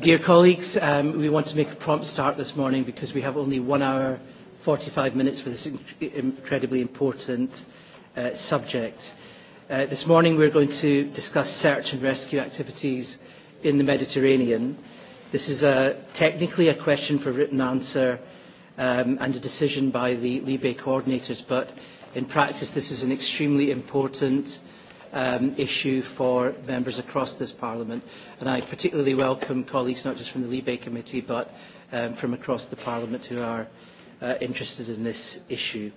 Dear colleagues, um, we want to make a prompt start this morning because we have only one hour, 45 minutes for this incredibly important uh, subject. Uh, this morning we're going to discuss search and rescue activities in the Mediterranean. This is a, technically a question for written answer um, and a decision by the Libe coordinators, but in practice this is an extremely important um, issue for members across this Parliament. And I particularly welcome colleagues not just from the Libe Committee but um, from across the Parliament who are uh, interested in this issue.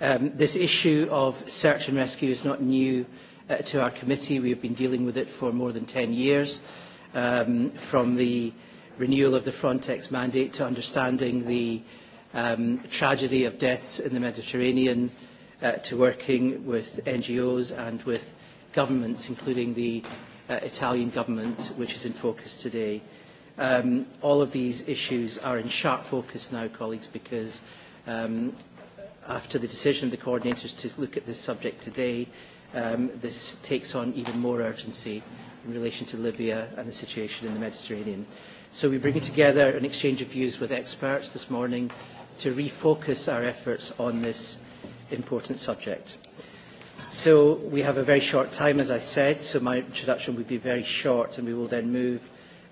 Um, this issue of search and rescue is not new uh, to our committee. We have been dealing with it for more than 10 years, um, from the renewal of the Frontex mandate to understanding the um, tragedy of deaths in the Mediterranean, uh, to working with NGOs and with governments, including the uh, Italian government, which is in focus today. Um, all of these issues are in sharp focus now, colleagues, because um, after the decision of the coordinators to look at this subject today, um, this takes on even more urgency in relation to Libya and the situation in the Mediterranean. So we bring together an exchange of views with experts this morning to refocus our efforts on this important subject. So we have a very short time, as I said, so my introduction will be very short, and we will then move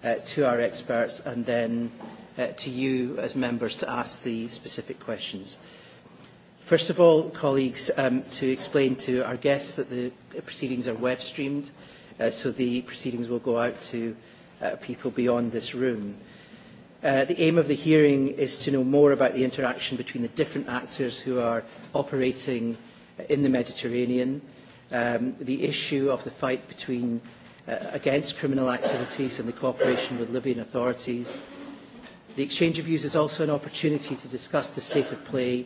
uh, to our experts and then uh, to you as members to ask the specific questions. First of all, colleagues, um, to explain to our guests that the proceedings are web streamed, uh, so the proceedings will go out to uh, people beyond this room. Uh, the aim of the hearing is to know more about the interaction between the different actors who are operating in the Mediterranean, um, the issue of the fight between uh, against criminal activities and the cooperation with Libyan authorities. The exchange of views is also an opportunity to discuss the state of play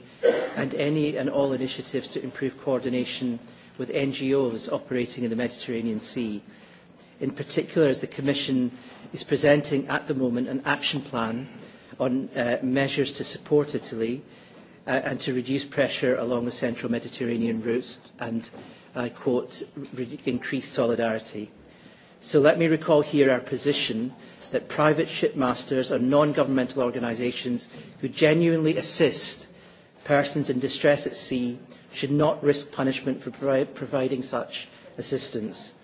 and any and all initiatives to improve coordination with NGOs operating in the Mediterranean Sea. In particular, as the Commission is presenting at the moment an action plan on uh, measures to support Italy uh, uh, and to reduce pressure along the central Mediterranean routes and, I quote, increase solidarity. So let me recall here our position that private shipmasters are non-governmental organisations who genuinely assist persons in distress at sea should not risk punishment for provi providing such assistance.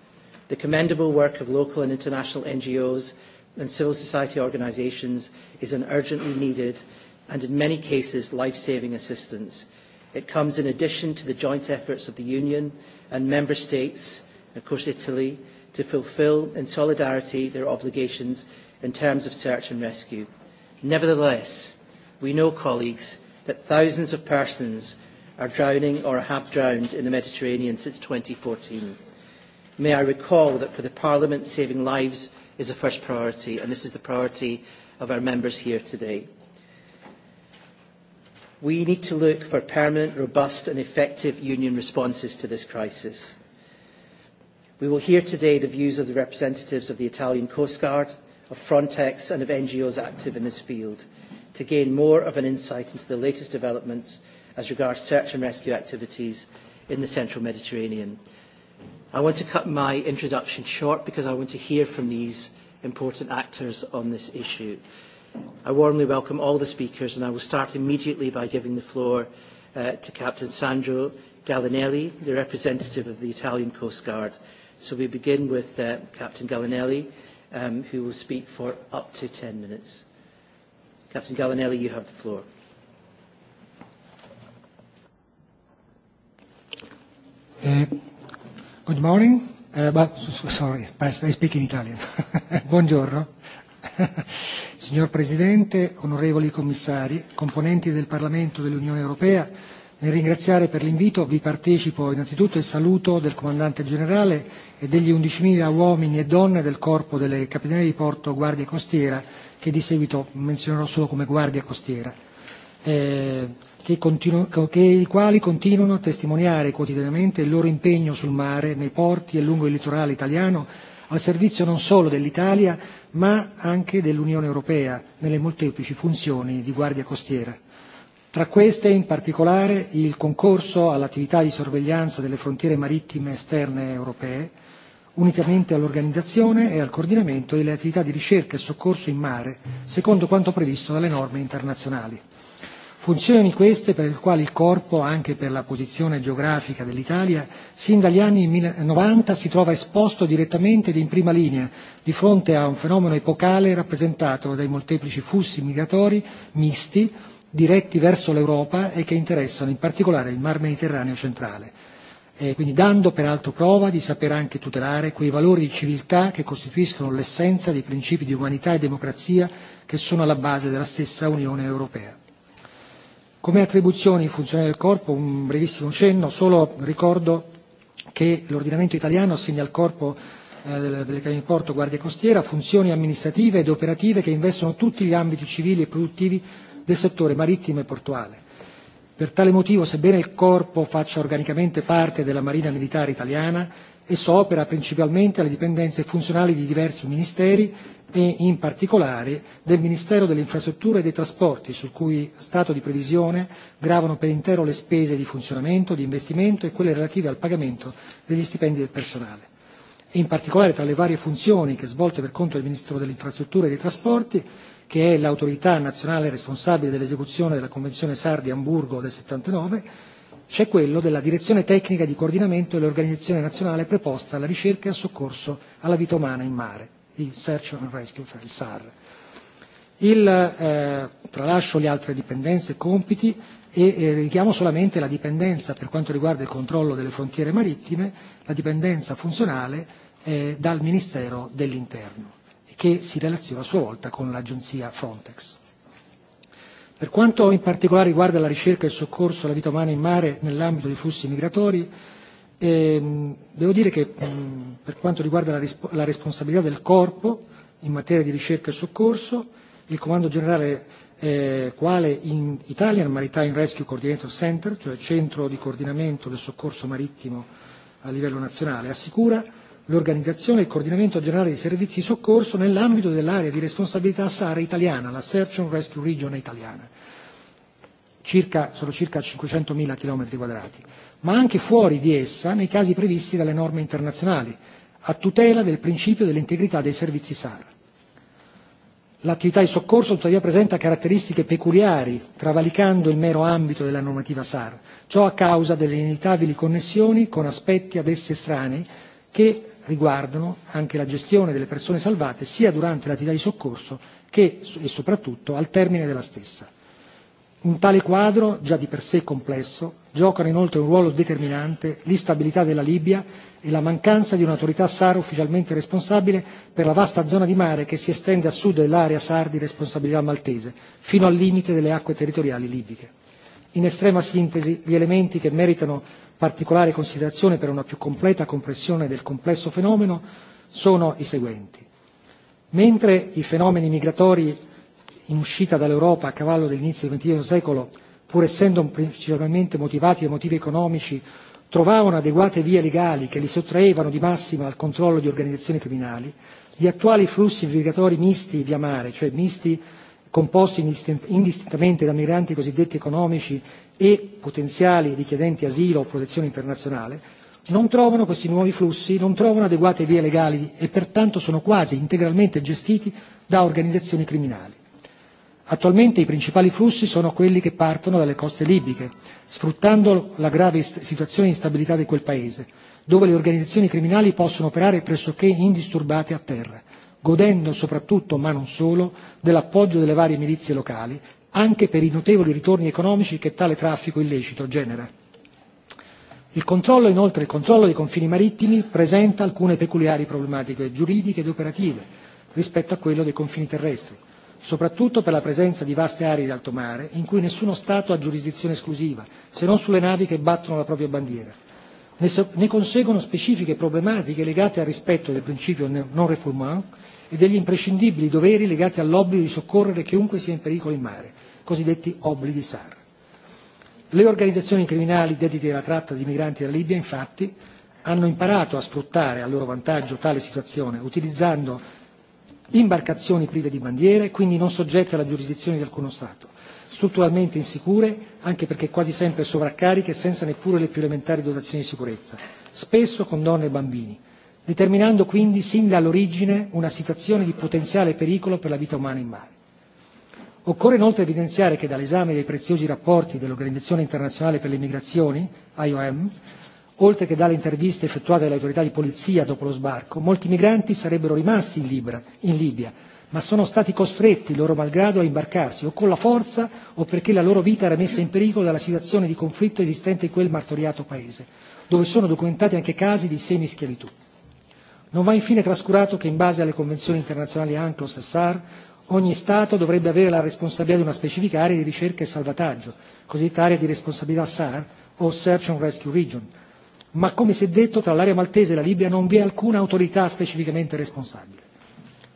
The commendable work of local and international NGOs and civil society organisations is an urgently needed and in many cases life-saving assistance. It comes in addition to the joint efforts of the Union and Member States, of course Italy, to fulfil in solidarity their obligations in terms of search and rescue. Nevertheless, we know, colleagues, that thousands of persons are drowning or have drowned in the Mediterranean since 2014. May I recall that for the Parliament, saving lives is a first priority, and this is the priority of our members here today. We need to look for permanent, robust and effective union responses to this crisis. We will hear today the views of the representatives of the Italian Coast Guard, of Frontex and of NGOs active in this field to gain more of an insight into the latest developments as regards search and rescue activities in the central Mediterranean. I want to cut my introduction short because I want to hear from these important actors on this issue. I warmly welcome all the speakers and I will start immediately by giving the floor uh, to Captain Sandro Gallinelli, the representative of the Italian Coast Guard. So we begin with uh, Captain Gallinelli, um, who will speak for up to 10 minutes. Captain Gallinelli, you have the floor. Uh, good morning. Uh, but, sorry, I speak in Italian. Buongiorno. Signor Presidente, onorevoli commissari, componenti del Parlamento dell'Unione Europea, nel ringraziare per l'invito vi partecipo innanzitutto il saluto del Comandante Generale e degli 11.000 uomini e donne del Corpo delle Capitanerie di Porto Guardia Costiera, che di seguito menzionerò solo come Guardia Costiera. Eh, che, continu- che i quali continuano a testimoniare quotidianamente il loro impegno sul mare, nei porti e lungo il litorale italiano al servizio non solo dell'Italia ma anche dell'Unione Europea nelle molteplici funzioni di guardia costiera. Tra queste, in particolare, il concorso all'attività di sorveglianza delle frontiere marittime esterne europee, unitamente all'organizzazione e al coordinamento delle attività di ricerca e soccorso in mare, secondo quanto previsto dalle norme internazionali. Funzioni queste per le quali il corpo, anche per la posizione geografica dell'Italia, sin dagli anni 90 si trova esposto direttamente ed in prima linea di fronte a un fenomeno epocale rappresentato dai molteplici flussi migratori misti diretti verso l'Europa e che interessano in particolare il Mar Mediterraneo centrale, e eh, quindi dando peraltro prova di saper anche tutelare quei valori di civiltà che costituiscono l'essenza dei principi di umanità e democrazia che sono alla base della stessa Unione Europea. Come attribuzioni funzioni del Corpo, un brevissimo cenno, solo ricordo che l'ordinamento italiano assegna al Corpo eh, delle Carabinieri di Porto Guardia Costiera funzioni amministrative ed operative che investono tutti gli ambiti civili e produttivi del settore marittimo e portuale. Per tale motivo, sebbene il Corpo faccia organicamente parte della Marina Militare Italiana, Esso opera principalmente alle dipendenze funzionali di diversi ministeri e in particolare del Ministero delle Infrastrutture e dei Trasporti, sul cui stato di previsione gravano per intero le spese di funzionamento, di investimento e quelle relative al pagamento degli stipendi del personale. In particolare tra le varie funzioni che svolte per conto del Ministro delle Infrastrutture e dei Trasporti, che è l'autorità nazionale responsabile dell'esecuzione della Convenzione SAR di Amburgo del 79, c'è quello della direzione tecnica di coordinamento dell'organizzazione nazionale preposta alla ricerca e al soccorso alla vita umana in mare, il Search and Rescue, cioè il SAR. Il, eh, tralascio le altre dipendenze e compiti e eh, richiamo solamente la dipendenza per quanto riguarda il controllo delle frontiere marittime, la dipendenza funzionale eh, dal Ministero dell'Interno, che si relaziona a sua volta con l'agenzia Frontex. Per quanto in particolare riguarda la ricerca e il soccorso alla vita umana in mare nell'ambito dei flussi migratori, ehm, devo dire che ehm, per quanto riguarda la, la responsabilità del corpo in materia di ricerca e soccorso, il Comando Generale eh, quale in Italian Maritime Rescue Coordinator Center, cioè centro di coordinamento del soccorso marittimo a livello nazionale, assicura l'organizzazione e il coordinamento generale dei servizi di soccorso nell'ambito dell'area di responsabilità SAR italiana, la Search and Rescue Region italiana, circa, sono circa 500.000 km quadrati, ma anche fuori di essa nei casi previsti dalle norme internazionali, a tutela del principio dell'integrità dei servizi SAR. L'attività di soccorso tuttavia presenta caratteristiche peculiari, travalicando il mero ambito della normativa SAR, ciò a causa delle inevitabili connessioni con aspetti ad esse estranei che riguardano anche la gestione delle persone salvate sia durante l'attività di soccorso che e soprattutto al termine della stessa. In tale quadro, già di per sé complesso, giocano inoltre un ruolo determinante l'instabilità della Libia e la mancanza di un'autorità SAR ufficialmente responsabile per la vasta zona di mare che si estende a sud dell'area SAR di responsabilità maltese, fino al limite delle acque territoriali libiche. In estrema sintesi, gli elementi che meritano Particolare considerazione per una più completa comprensione del complesso fenomeno sono i seguenti. Mentre i fenomeni migratori in uscita dall'Europa a cavallo dell'inizio del XX secolo, pur essendo principalmente motivati da motivi economici, trovavano adeguate vie legali che li sottraevano di massima al controllo di organizzazioni criminali, gli attuali flussi migratori misti via mare, cioè misti composti indistintamente da migranti cosiddetti economici e potenziali richiedenti asilo o protezione internazionale, non trovano questi nuovi flussi, non trovano adeguate vie legali e pertanto sono quasi integralmente gestiti da organizzazioni criminali. Attualmente i principali flussi sono quelli che partono dalle coste libiche, sfruttando la grave situazione di instabilità di quel paese, dove le organizzazioni criminali possono operare pressoché indisturbate a terra godendo soprattutto, ma non solo, dell'appoggio delle varie milizie locali, anche per i notevoli ritorni economici che tale traffico illecito genera. Il controllo, inoltre, il controllo dei confini marittimi presenta alcune peculiari problematiche giuridiche ed operative rispetto a quello dei confini terrestri, soprattutto per la presenza di vaste aree di alto mare in cui nessuno Stato ha giurisdizione esclusiva, se non sulle navi che battono la propria bandiera. Ne, so, ne conseguono specifiche problematiche legate al rispetto del principio non refoulement e degli imprescindibili doveri legati all'obbligo di soccorrere chiunque sia in pericolo in mare, cosiddetti obblighi SAR. Le organizzazioni criminali dedicate alla tratta di migranti dalla Libia, infatti, hanno imparato a sfruttare a loro vantaggio tale situazione, utilizzando imbarcazioni prive di bandiere, quindi non soggette alla giurisdizione di alcuno Stato, strutturalmente insicure, anche perché quasi sempre sovraccariche senza neppure le più elementari dotazioni di sicurezza, spesso con donne e bambini, determinando quindi sin dall'origine una situazione di potenziale pericolo per la vita umana in mare. Occorre inoltre evidenziare che dall'esame dei preziosi rapporti dell'Organizzazione internazionale per le migrazioni, IOM, oltre che dalle interviste effettuate dalle autorità di polizia dopo lo sbarco, molti migranti sarebbero rimasti in, Libra, in Libia, ma sono stati costretti, loro malgrado, a imbarcarsi o con la forza o perché la loro vita era messa in pericolo dalla situazione di conflitto esistente in quel martoriato paese, dove sono documentati anche casi di semischiavitù. Non va infine trascurato che in base alle convenzioni internazionali ANCLOS e SAR ogni Stato dovrebbe avere la responsabilità di una specifica area di ricerca e salvataggio, cosiddetta area di responsabilità SAR o Search and Rescue Region. Ma come si è detto, tra l'area maltese e la Libia non vi è alcuna autorità specificamente responsabile.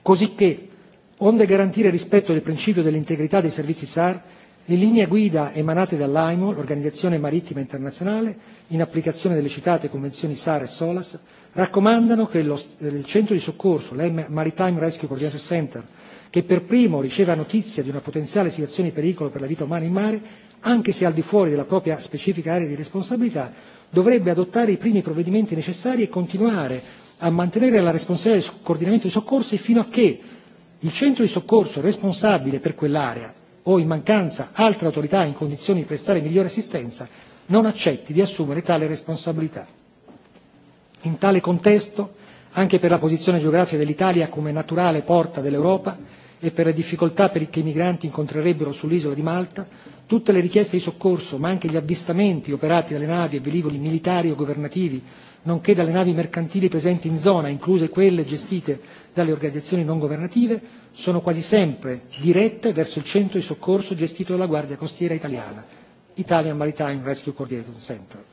Cosicché, onde garantire il rispetto del principio dell'integrità dei servizi SAR, le linee guida emanate dall'AIMO, l'Organizzazione Marittima Internazionale, in applicazione delle citate convenzioni SAR e SOLAS, raccomandano che lo, il centro di soccorso, l'M Maritime Rescue Coordination Center, che per primo riceva notizia di una potenziale situazione di pericolo per la vita umana in mare, anche se al di fuori della propria specifica area di responsabilità, dovrebbe adottare i primi provvedimenti necessari e continuare a mantenere la responsabilità del coordinamento dei soccorsi fino a che il centro di soccorso responsabile per quell'area o in mancanza altre autorità in condizioni di prestare migliore assistenza non accetti di assumere tale responsabilità. In tale contesto, anche per la posizione geografica dell'Italia come naturale porta dell'Europa e per le difficoltà per che i migranti incontrerebbero sull'isola di Malta, tutte le richieste di soccorso, ma anche gli avvistamenti operati dalle navi e velivoli militari o governativi, nonché dalle navi mercantili presenti in zona, incluse quelle gestite dalle organizzazioni non governative, sono quasi sempre dirette verso il centro di soccorso gestito dalla Guardia Costiera italiana, Italian Maritime Rescue Coordination Center.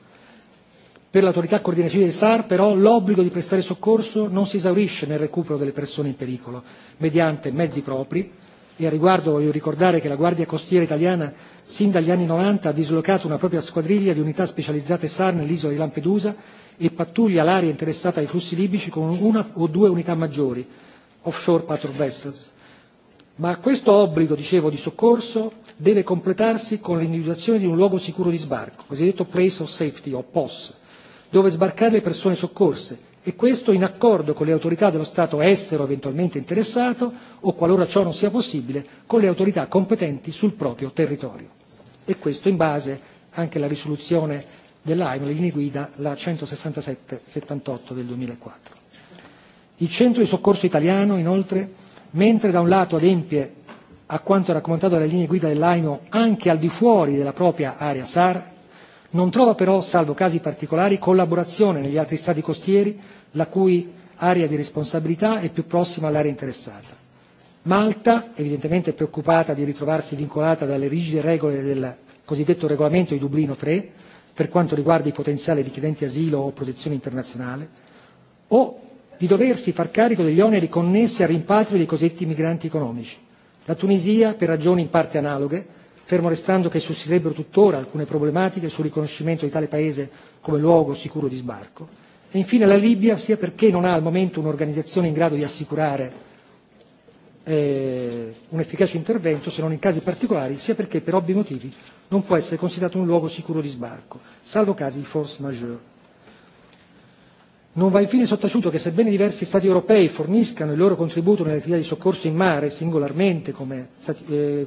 Per l'autorità coordinativa dei SAR però l'obbligo di prestare soccorso non si esaurisce nel recupero delle persone in pericolo mediante mezzi propri e a riguardo voglio ricordare che la Guardia Costiera italiana sin dagli anni 90 ha dislocato una propria squadriglia di unità specializzate SAR nell'isola di Lampedusa e pattuglia l'area interessata ai flussi libici con una o due unità maggiori, offshore patrol vessels. Ma questo obbligo, dicevo, di soccorso deve completarsi con l'individuazione di un luogo sicuro di sbarco, cosiddetto place of safety o POS, dove sbarcare le persone soccorse e questo in accordo con le autorità dello Stato estero eventualmente interessato o, qualora ciò non sia possibile, con le autorità competenti sul proprio territorio. E questo in base anche alla risoluzione dell'AIMO, le linee guida, la 167-78 del 2004. Il centro di soccorso italiano, inoltre, mentre da un lato adempie a quanto raccomandato dalle linee guida dell'AIMO anche al di fuori della propria area SAR, Non trova però, salvo casi particolari, collaborazione negli altri Stati costieri, la cui area di responsabilità è più prossima all'area interessata. Malta, evidentemente preoccupata di ritrovarsi vincolata dalle rigide regole del cosiddetto regolamento di Dublino 3, per quanto riguarda i potenziali richiedenti asilo o protezione internazionale, o di doversi far carico degli oneri connessi al rimpatrio dei cosiddetti migranti economici. La Tunisia, per ragioni in parte analoghe, fermo restando che sussisterebbero tuttora alcune problematiche sul riconoscimento di tale Paese come luogo sicuro di sbarco. E infine la Libia, sia perché non ha al momento un'organizzazione in grado di assicurare eh, un efficace intervento, se non in casi particolari, sia perché per ovvi motivi non può essere considerato un luogo sicuro di sbarco, salvo casi di force majeure. Non va infine sottaciuto che sebbene diversi Stati europei forniscano il loro contributo nelle attività di soccorso in mare singolarmente come stati, eh,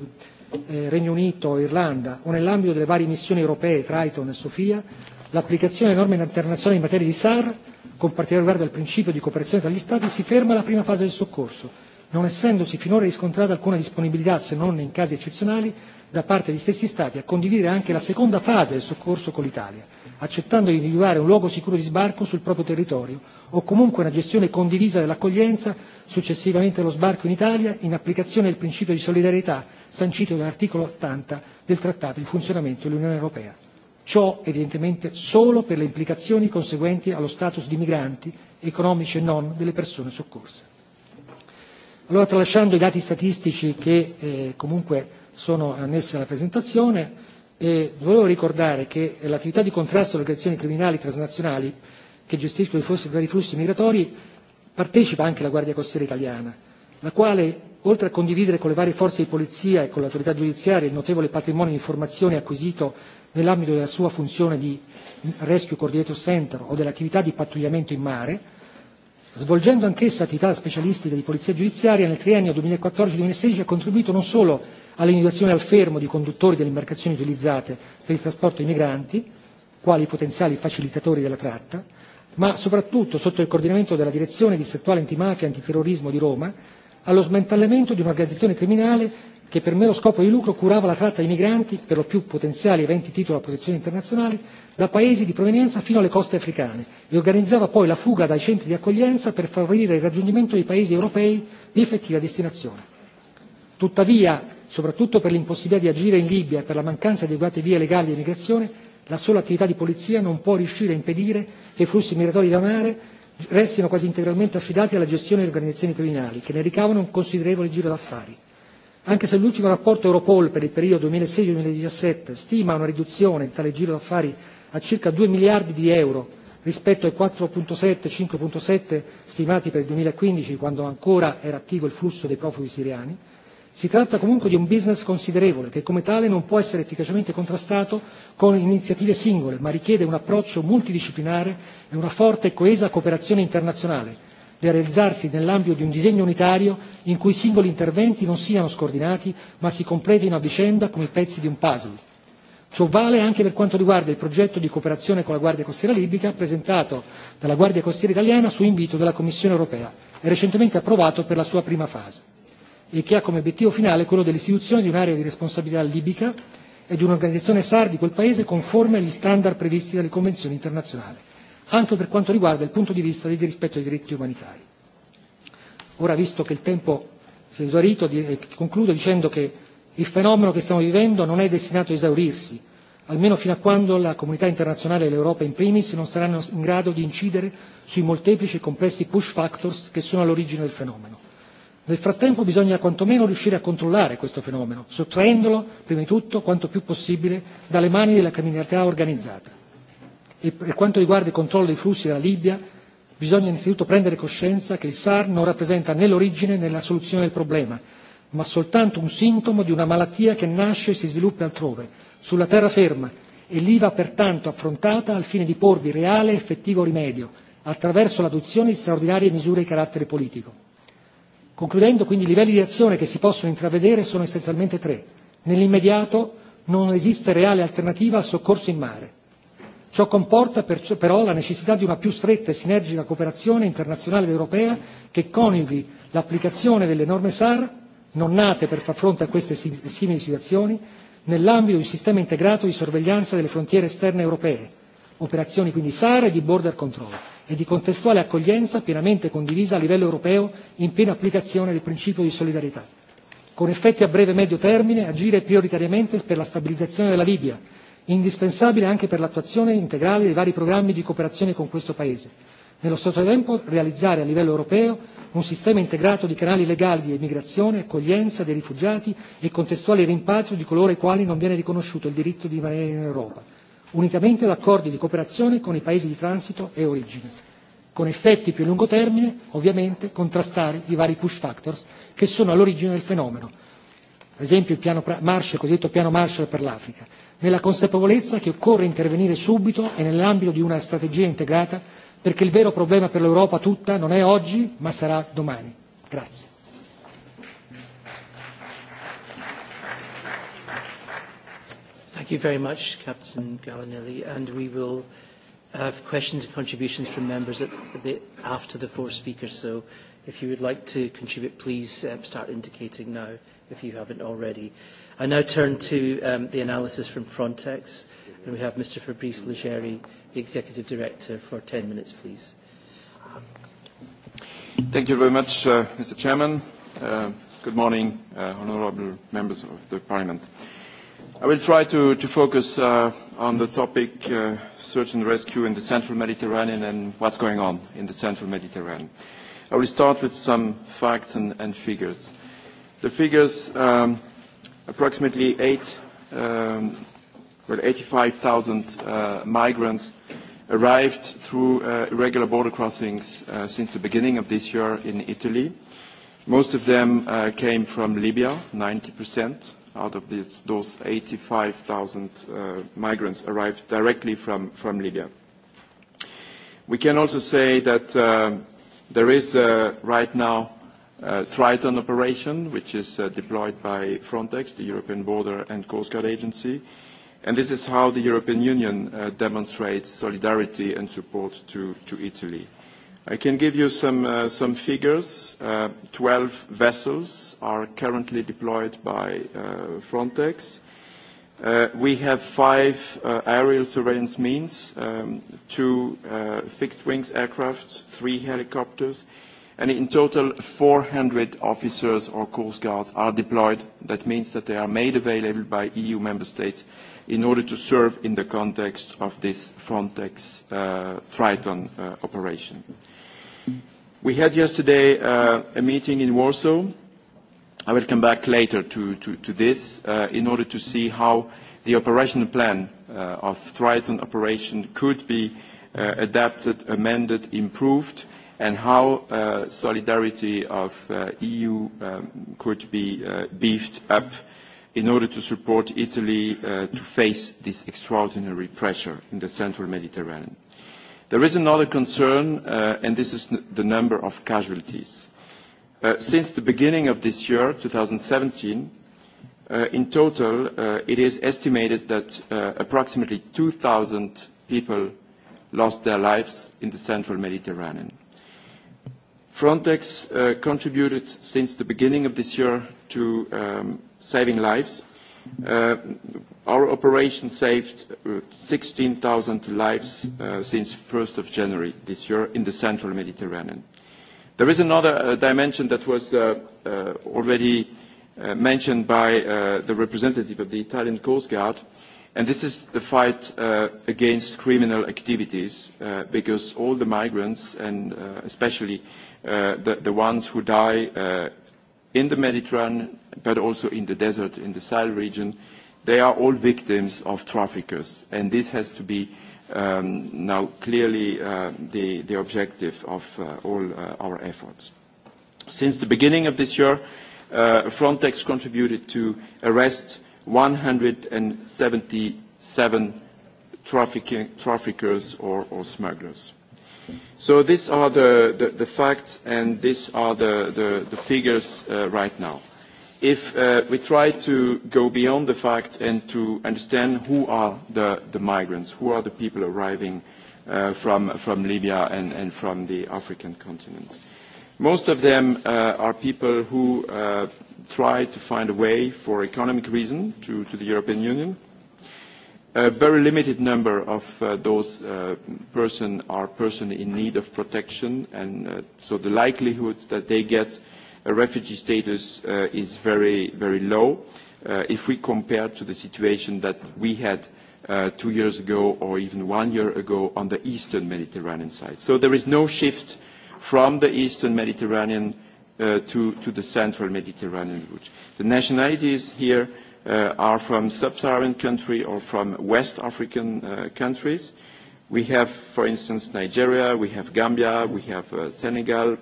eh, Regno Unito o Irlanda o nell'ambito delle varie missioni europee Triton e Sofia l'applicazione delle norme internazionali in materia di SAR, con particolare riguardo al principio di cooperazione tra gli Stati, si ferma alla prima fase del soccorso, non essendosi finora riscontrata alcuna disponibilità, se non in casi eccezionali, da parte degli stessi Stati a condividere anche la seconda fase del soccorso con l'Italia, accettando di individuare un luogo sicuro di sbarco sul proprio territorio o comunque una gestione condivisa dell'accoglienza successivamente allo sbarco in Italia, in applicazione del principio di solidarietà sancito dall'articolo 80 del Trattato di funzionamento dell'Unione Europea. Ciò evidentemente solo per le implicazioni conseguenti allo status di migranti, economici e non, delle persone soccorse. Allora, tralasciando i dati statistici che eh, comunque sono annessi alla presentazione, eh, volevo ricordare che eh, l'attività di contrasto alle organizzazioni criminali transnazionali che gestiscono i flussi, vari flussi migratori partecipa anche la Guardia Costiera italiana, la quale, oltre a condividere con le varie forze di polizia e con l'autorità giudiziaria il notevole patrimonio di informazioni acquisito nell'ambito della sua funzione di Rescue Coordinator Center o dell'attività di pattugliamento in mare, svolgendo anch'essa attività specialistica di polizia giudiziaria, nel triennio 2014-2016 ha contribuito non solo all'individuazione al fermo di conduttori delle imbarcazioni utilizzate per il trasporto di migranti, quali potenziali facilitatori della tratta, ma soprattutto sotto il coordinamento della direzione distrettuale antimafia e antiterrorismo di Roma, allo smantellamento di un'organizzazione criminale che per mero scopo di lucro curava la tratta di migranti, per lo più potenziali aventi titolo a protezione internazionale, da paesi di provenienza fino alle coste africane e organizzava poi la fuga dai centri di accoglienza per favorire il raggiungimento dei paesi europei di effettiva destinazione. Tuttavia, soprattutto per l'impossibilità di agire in Libia e per la mancanza di adeguate vie legali di migrazione, la sola attività di polizia non può riuscire a impedire che i flussi migratori da mare restino quasi integralmente affidati alla gestione delle organizzazioni criminali, che ne ricavano un considerevole giro d'affari. Anche se l'ultimo rapporto Europol per il periodo 2016-2017 stima una riduzione di tale giro d'affari a circa 2 miliardi di euro rispetto ai 4.7-5.7 stimati per il 2015, quando ancora era attivo il flusso dei profughi siriani, Si tratta comunque di un business considerevole che come tale non può essere efficacemente contrastato con iniziative singole, ma richiede un approccio multidisciplinare e una forte e coesa cooperazione internazionale da realizzarsi nell'ambito di un disegno unitario in cui i singoli interventi non siano scordinati ma si completino a vicenda come i pezzi di un puzzle. Ciò vale anche per quanto riguarda il progetto di cooperazione con la Guardia Costiera libica presentato dalla Guardia Costiera italiana su invito della Commissione europea e recentemente approvato per la sua prima fase e che ha come obiettivo finale quello dell'istituzione di un'area di responsabilità libica e di un'organizzazione SAR di quel Paese conforme agli standard previsti dalle convenzioni internazionali, anche per quanto riguarda il punto di vista del rispetto dei diritti umanitari. Ora, visto che il tempo si è esaurito, eh, concludo dicendo che il fenomeno che stiamo vivendo non è destinato a esaurirsi, almeno fino a quando la comunità internazionale e l'Europa in primis non saranno in grado di incidere sui molteplici e complessi push factors che sono all'origine del fenomeno. Nel frattempo bisogna quantomeno riuscire a controllare questo fenomeno, sottraendolo, prima di tutto, quanto più possibile, dalle mani della criminalità organizzata. E per quanto riguarda il controllo dei flussi dalla Libia, bisogna innanzitutto prendere coscienza che il SAR non rappresenta né l'origine né la soluzione del problema, ma soltanto un sintomo di una malattia che nasce e si sviluppa altrove, sulla terraferma, e lì va pertanto affrontata al fine di porvi reale e effettivo rimedio, attraverso l'adozione di straordinarie misure di carattere politico. Concludendo, quindi, i livelli di azione che si possono intravedere sono essenzialmente tre. Nell'immediato non esiste reale alternativa al soccorso in mare. Ciò comporta però la necessità di una più stretta e sinergica cooperazione internazionale ed europea che coniughi l'applicazione delle norme SAR, non nate per far fronte a queste simili situazioni, nell'ambito di un sistema integrato di sorveglianza delle frontiere esterne europee, operazioni quindi SAR e di border control e di contestuale accoglienza pienamente condivisa a livello europeo in piena applicazione del principio di solidarietà. Con effetti a breve e medio termine agire prioritariamente per la stabilizzazione della Libia, indispensabile anche per l'attuazione integrale dei vari programmi di cooperazione con questo Paese. Nello stesso tempo realizzare a livello europeo un sistema integrato di canali legali di emigrazione, accoglienza dei rifugiati e contestuale rimpatrio di coloro ai quali non viene riconosciuto il diritto di rimanere in Europa Unitamente ad accordi di cooperazione con i paesi di transito e origine, con effetti più a lungo termine, ovviamente, contrastare i vari push factors che sono all'origine del fenomeno, ad esempio il piano Marshall, il cosiddetto piano Marshall per l'Africa, nella consapevolezza che occorre intervenire subito e nell'ambito di una strategia integrata perché il vero problema per l'Europa tutta non è oggi ma sarà domani. Grazie. Thank you very much, Captain Gallinelli. And we will have questions and contributions from members at the, after the four speakers. So if you would like to contribute, please um, start indicating now if you haven't already. I now turn to um, the analysis from Frontex. And we have Mr. Fabrice Legeri, the Executive Director, for 10 minutes, please. Thank you very much, uh, Mr. Chairman. Uh, good morning, uh, honourable members of the Parliament. Uh, I will try to, to focus uh, on the topic uh, search and rescue in the central Mediterranean and what's going on in the central Mediterranean. I will start with some facts and, and figures. The figures, um, approximately eight, um, well, 85,000 uh, migrants arrived through uh, irregular border crossings uh, since the beginning of this year in Italy. Most of them uh, came from Libya, 90 percent out of these, those 85,000 uh, migrants arrived directly from, from Libya. We can also say that uh, there is uh, right now uh, Triton operation, which is uh, deployed by Frontex, the European Border and Coast Guard Agency. And this is how the European Union uh, demonstrates solidarity and support to, to Italy. I can give you some, uh, some figures. Uh, 12 vessels are currently deployed by uh, Frontex. Uh, we have five uh, aerial surveillance means, um, two uh, fixed-wings aircraft, three helicopters, and in total, 400 officers or Coast Guards are deployed. That means that they are made available by EU member states in order to serve in the context of this Frontex Triton operation. We had yesterday uh, a meeting in Warsaw. I will come back later to, to, to this uh, in order to see how the operational plan uh, of Triton operation could be uh, adapted, amended, improved, and how uh, solidarity of uh, EU um, could be uh, beefed up in order to support Italy uh, to face this extraordinary pressure in the central Mediterranean. Uh, There is another concern, uh, and this is the number of casualties. Uh, since the beginning of this year, 2017, uh, in total, it is estimated that approximately 2,000 people lost their lives in the central Mediterranean. Frontex contributed since the beginning of this year to um, saving lives Uh, our operation saved 16,000 uh, lives uh, since 1st of January this year in the central Mediterranean. There is another dimension that was already mentioned by the representative of the Italian Coast Guard, and this is the fight against criminal activities, because all the migrants, and especially the, ones who die in the Mediterranean, but also in the desert, in the Sahel region, they are all victims of traffickers. And this has to be um, now clearly uh, the, the objective of uh, all uh, our efforts. Since the beginning of this year, uh, Frontex contributed to arrest 177 trafficking, traffickers or, or smugglers. So these are the, the, the facts and these are the, the, the figures uh, right now. If uh, we try to go beyond the facts and to understand who are the, the migrants, who are the people arriving uh, from, from Libya and, and from the African continent. Most of them uh, are people who uh, try to find a way for economic reason to, to the European Union a very limited number of uh, those uh, person are person in need of protection, and uh, so the likelihood that they get a refugee status uh, is very, very low uh, if we compare to the situation that we had uh, two years ago or even one year ago on the eastern Mediterranean side. So there is no shift from the eastern Mediterranean uh, to, to the central Mediterranean route. The nationalities here uh, are from sub-Saharan country or from West African uh, countries. We have, for instance, Nigeria, we have Gambia, we have uh, Senegal,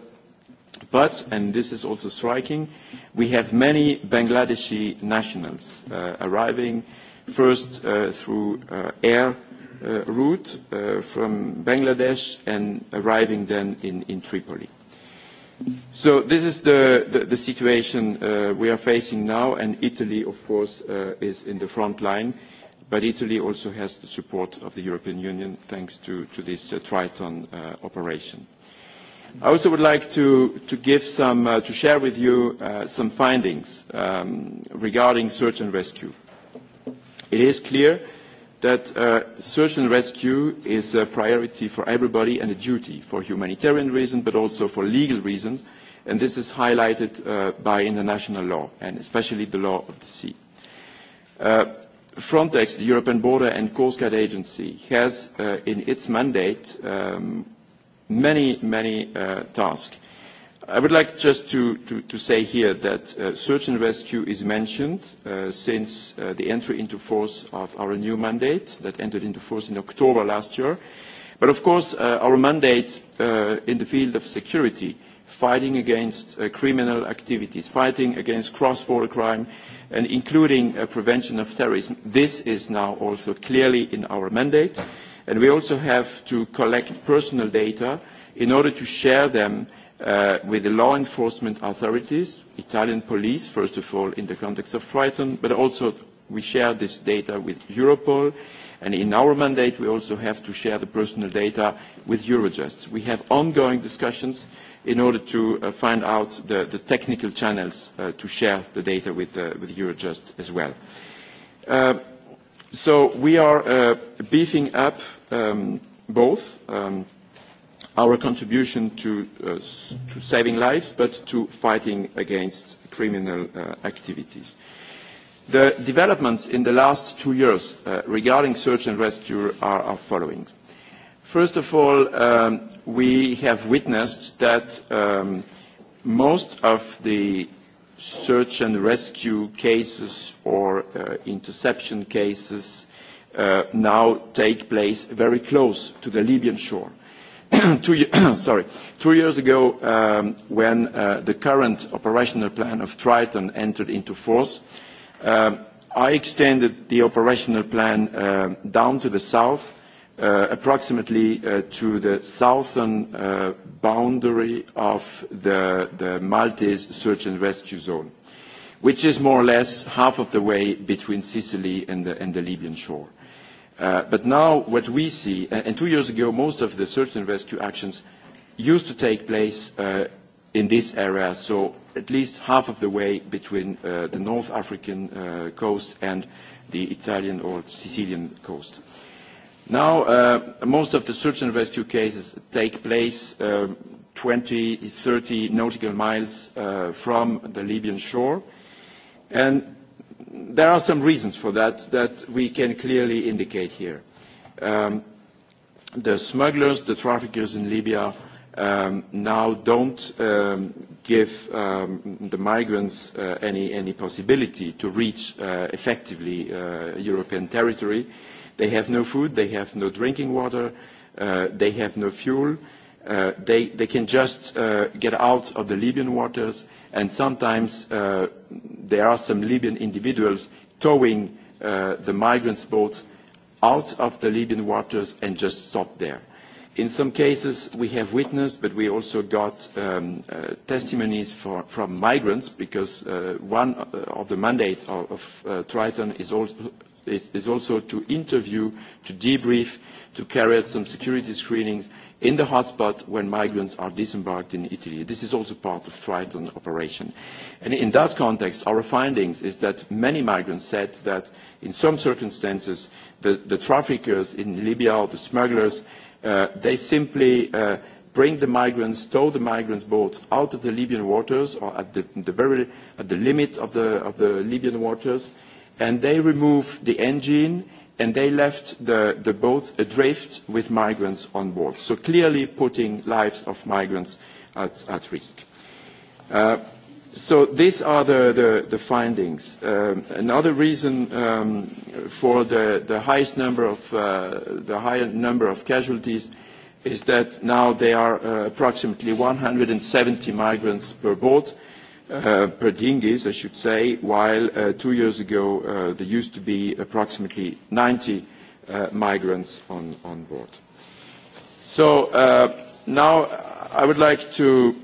but, and this is also striking, we have many Bangladeshi nationals uh, arriving first uh, through uh, air uh, route uh, from Bangladesh and arriving then in, in Tripoli. So this is the, the, the situation uh, we are facing now, and Italy, of course, uh, is in the front line. But Italy also has the support of the European Union thanks to, to this uh, Triton uh, operation. I also would like to, to, give some, uh, to share with you uh, some findings um, regarding search and rescue. It is clear that uh, search and rescue is a priority for everybody and a duty for humanitarian reasons, but also for legal reasons. And this is highlighted uh, by international law, and especially the law of the sea. Uh, Frontex, the European Border and Coast Guard Agency, has uh, in its mandate um, many, many uh, tasks I would like just to, to, to say here that uh, search and rescue is mentioned uh, since uh, the entry into force of our new mandate that entered into force in October last year. But of course, uh, our mandate uh, in the field of security, fighting against uh, criminal activities, fighting against cross-border crime, and including uh, prevention of terrorism, this is now also clearly in our mandate. And we also have to collect personal data in order to share them Uh, with the law enforcement authorities, Italian police, first of all, in the context of Triton, but also we share this data with Europol, and in our mandate we also have to share the personal data with Eurojust. We have ongoing discussions in order to uh, find out the, the technical channels uh, to share the data with, uh, with Eurojust as well. Uh, so we are uh, beefing up um, both um, our contribution to, uh, to saving lives, but to fighting against criminal uh, activities. The developments in the last two years uh, regarding search and rescue are, as following. First of all, um, we have witnessed that um, most of the search and rescue cases or uh, interception cases uh, now take place very close to the Libyan shore. sorry, two years ago, um, when uh, the current operational plan of Triton entered into force, um, I extended the operational plan uh, down to the south, uh, approximately to the southern boundary of the, Maltese search and rescue zone, which is more or less half of the way between Sicily and the Libyan shore. Uh, but now what we see, uh, and two years ago most of the search and rescue actions used to take place uh, in this area, so at least half of the way between uh, the North African uh, coast and the Italian or Sicilian coast. Now, uh, most of the search and rescue cases take place um, 20, 30 nautical miles uh, from the Libyan shore, and there are some reasons for that that we can clearly indicate here. Um, the smugglers, the traffickers in Libya um, now don't um, give um, the migrants uh, any, any possibility to reach uh, effectively uh, European territory. They have no food, they have no drinking water, uh, they have no fuel. Uh, Uh, they, they can just uh, get out of the Libyan waters, and sometimes uh, there are some Libyan individuals towing uh, the migrants' boats out of the Libyan waters and just stop there. In some cases, we have witnessed, but we also got um, uh, testimonies for, from migrants because uh, one uh, of the mandates of, of uh, Triton is also, is also to interview, to debrief, to carry out some security screenings, in the hotspot when migrants are disembarked in Italy. This is also part of Triton operation. And in that context, our findings is that many migrants said that in some circumstances, the, the traffickers in Libya, the smugglers, uh, they simply uh, bring the migrants, tow the migrants' boats out of the Libyan waters or at the, the very at the limit of the, of the Libyan waters, and they remove the engine and they left the, the boats adrift with migrants on board, so clearly putting lives of migrants at, at risk. Uh, so these are the, the, the findings. Um, another reason um, for the, the highest number of uh, the higher number of casualties is that now there are uh, approximately 170 migrants per boat, uh, per dinghies, I should say, while uh, two years ago uh, there used to be approximately 90 uh, migrants on, on board. So uh, now I would like to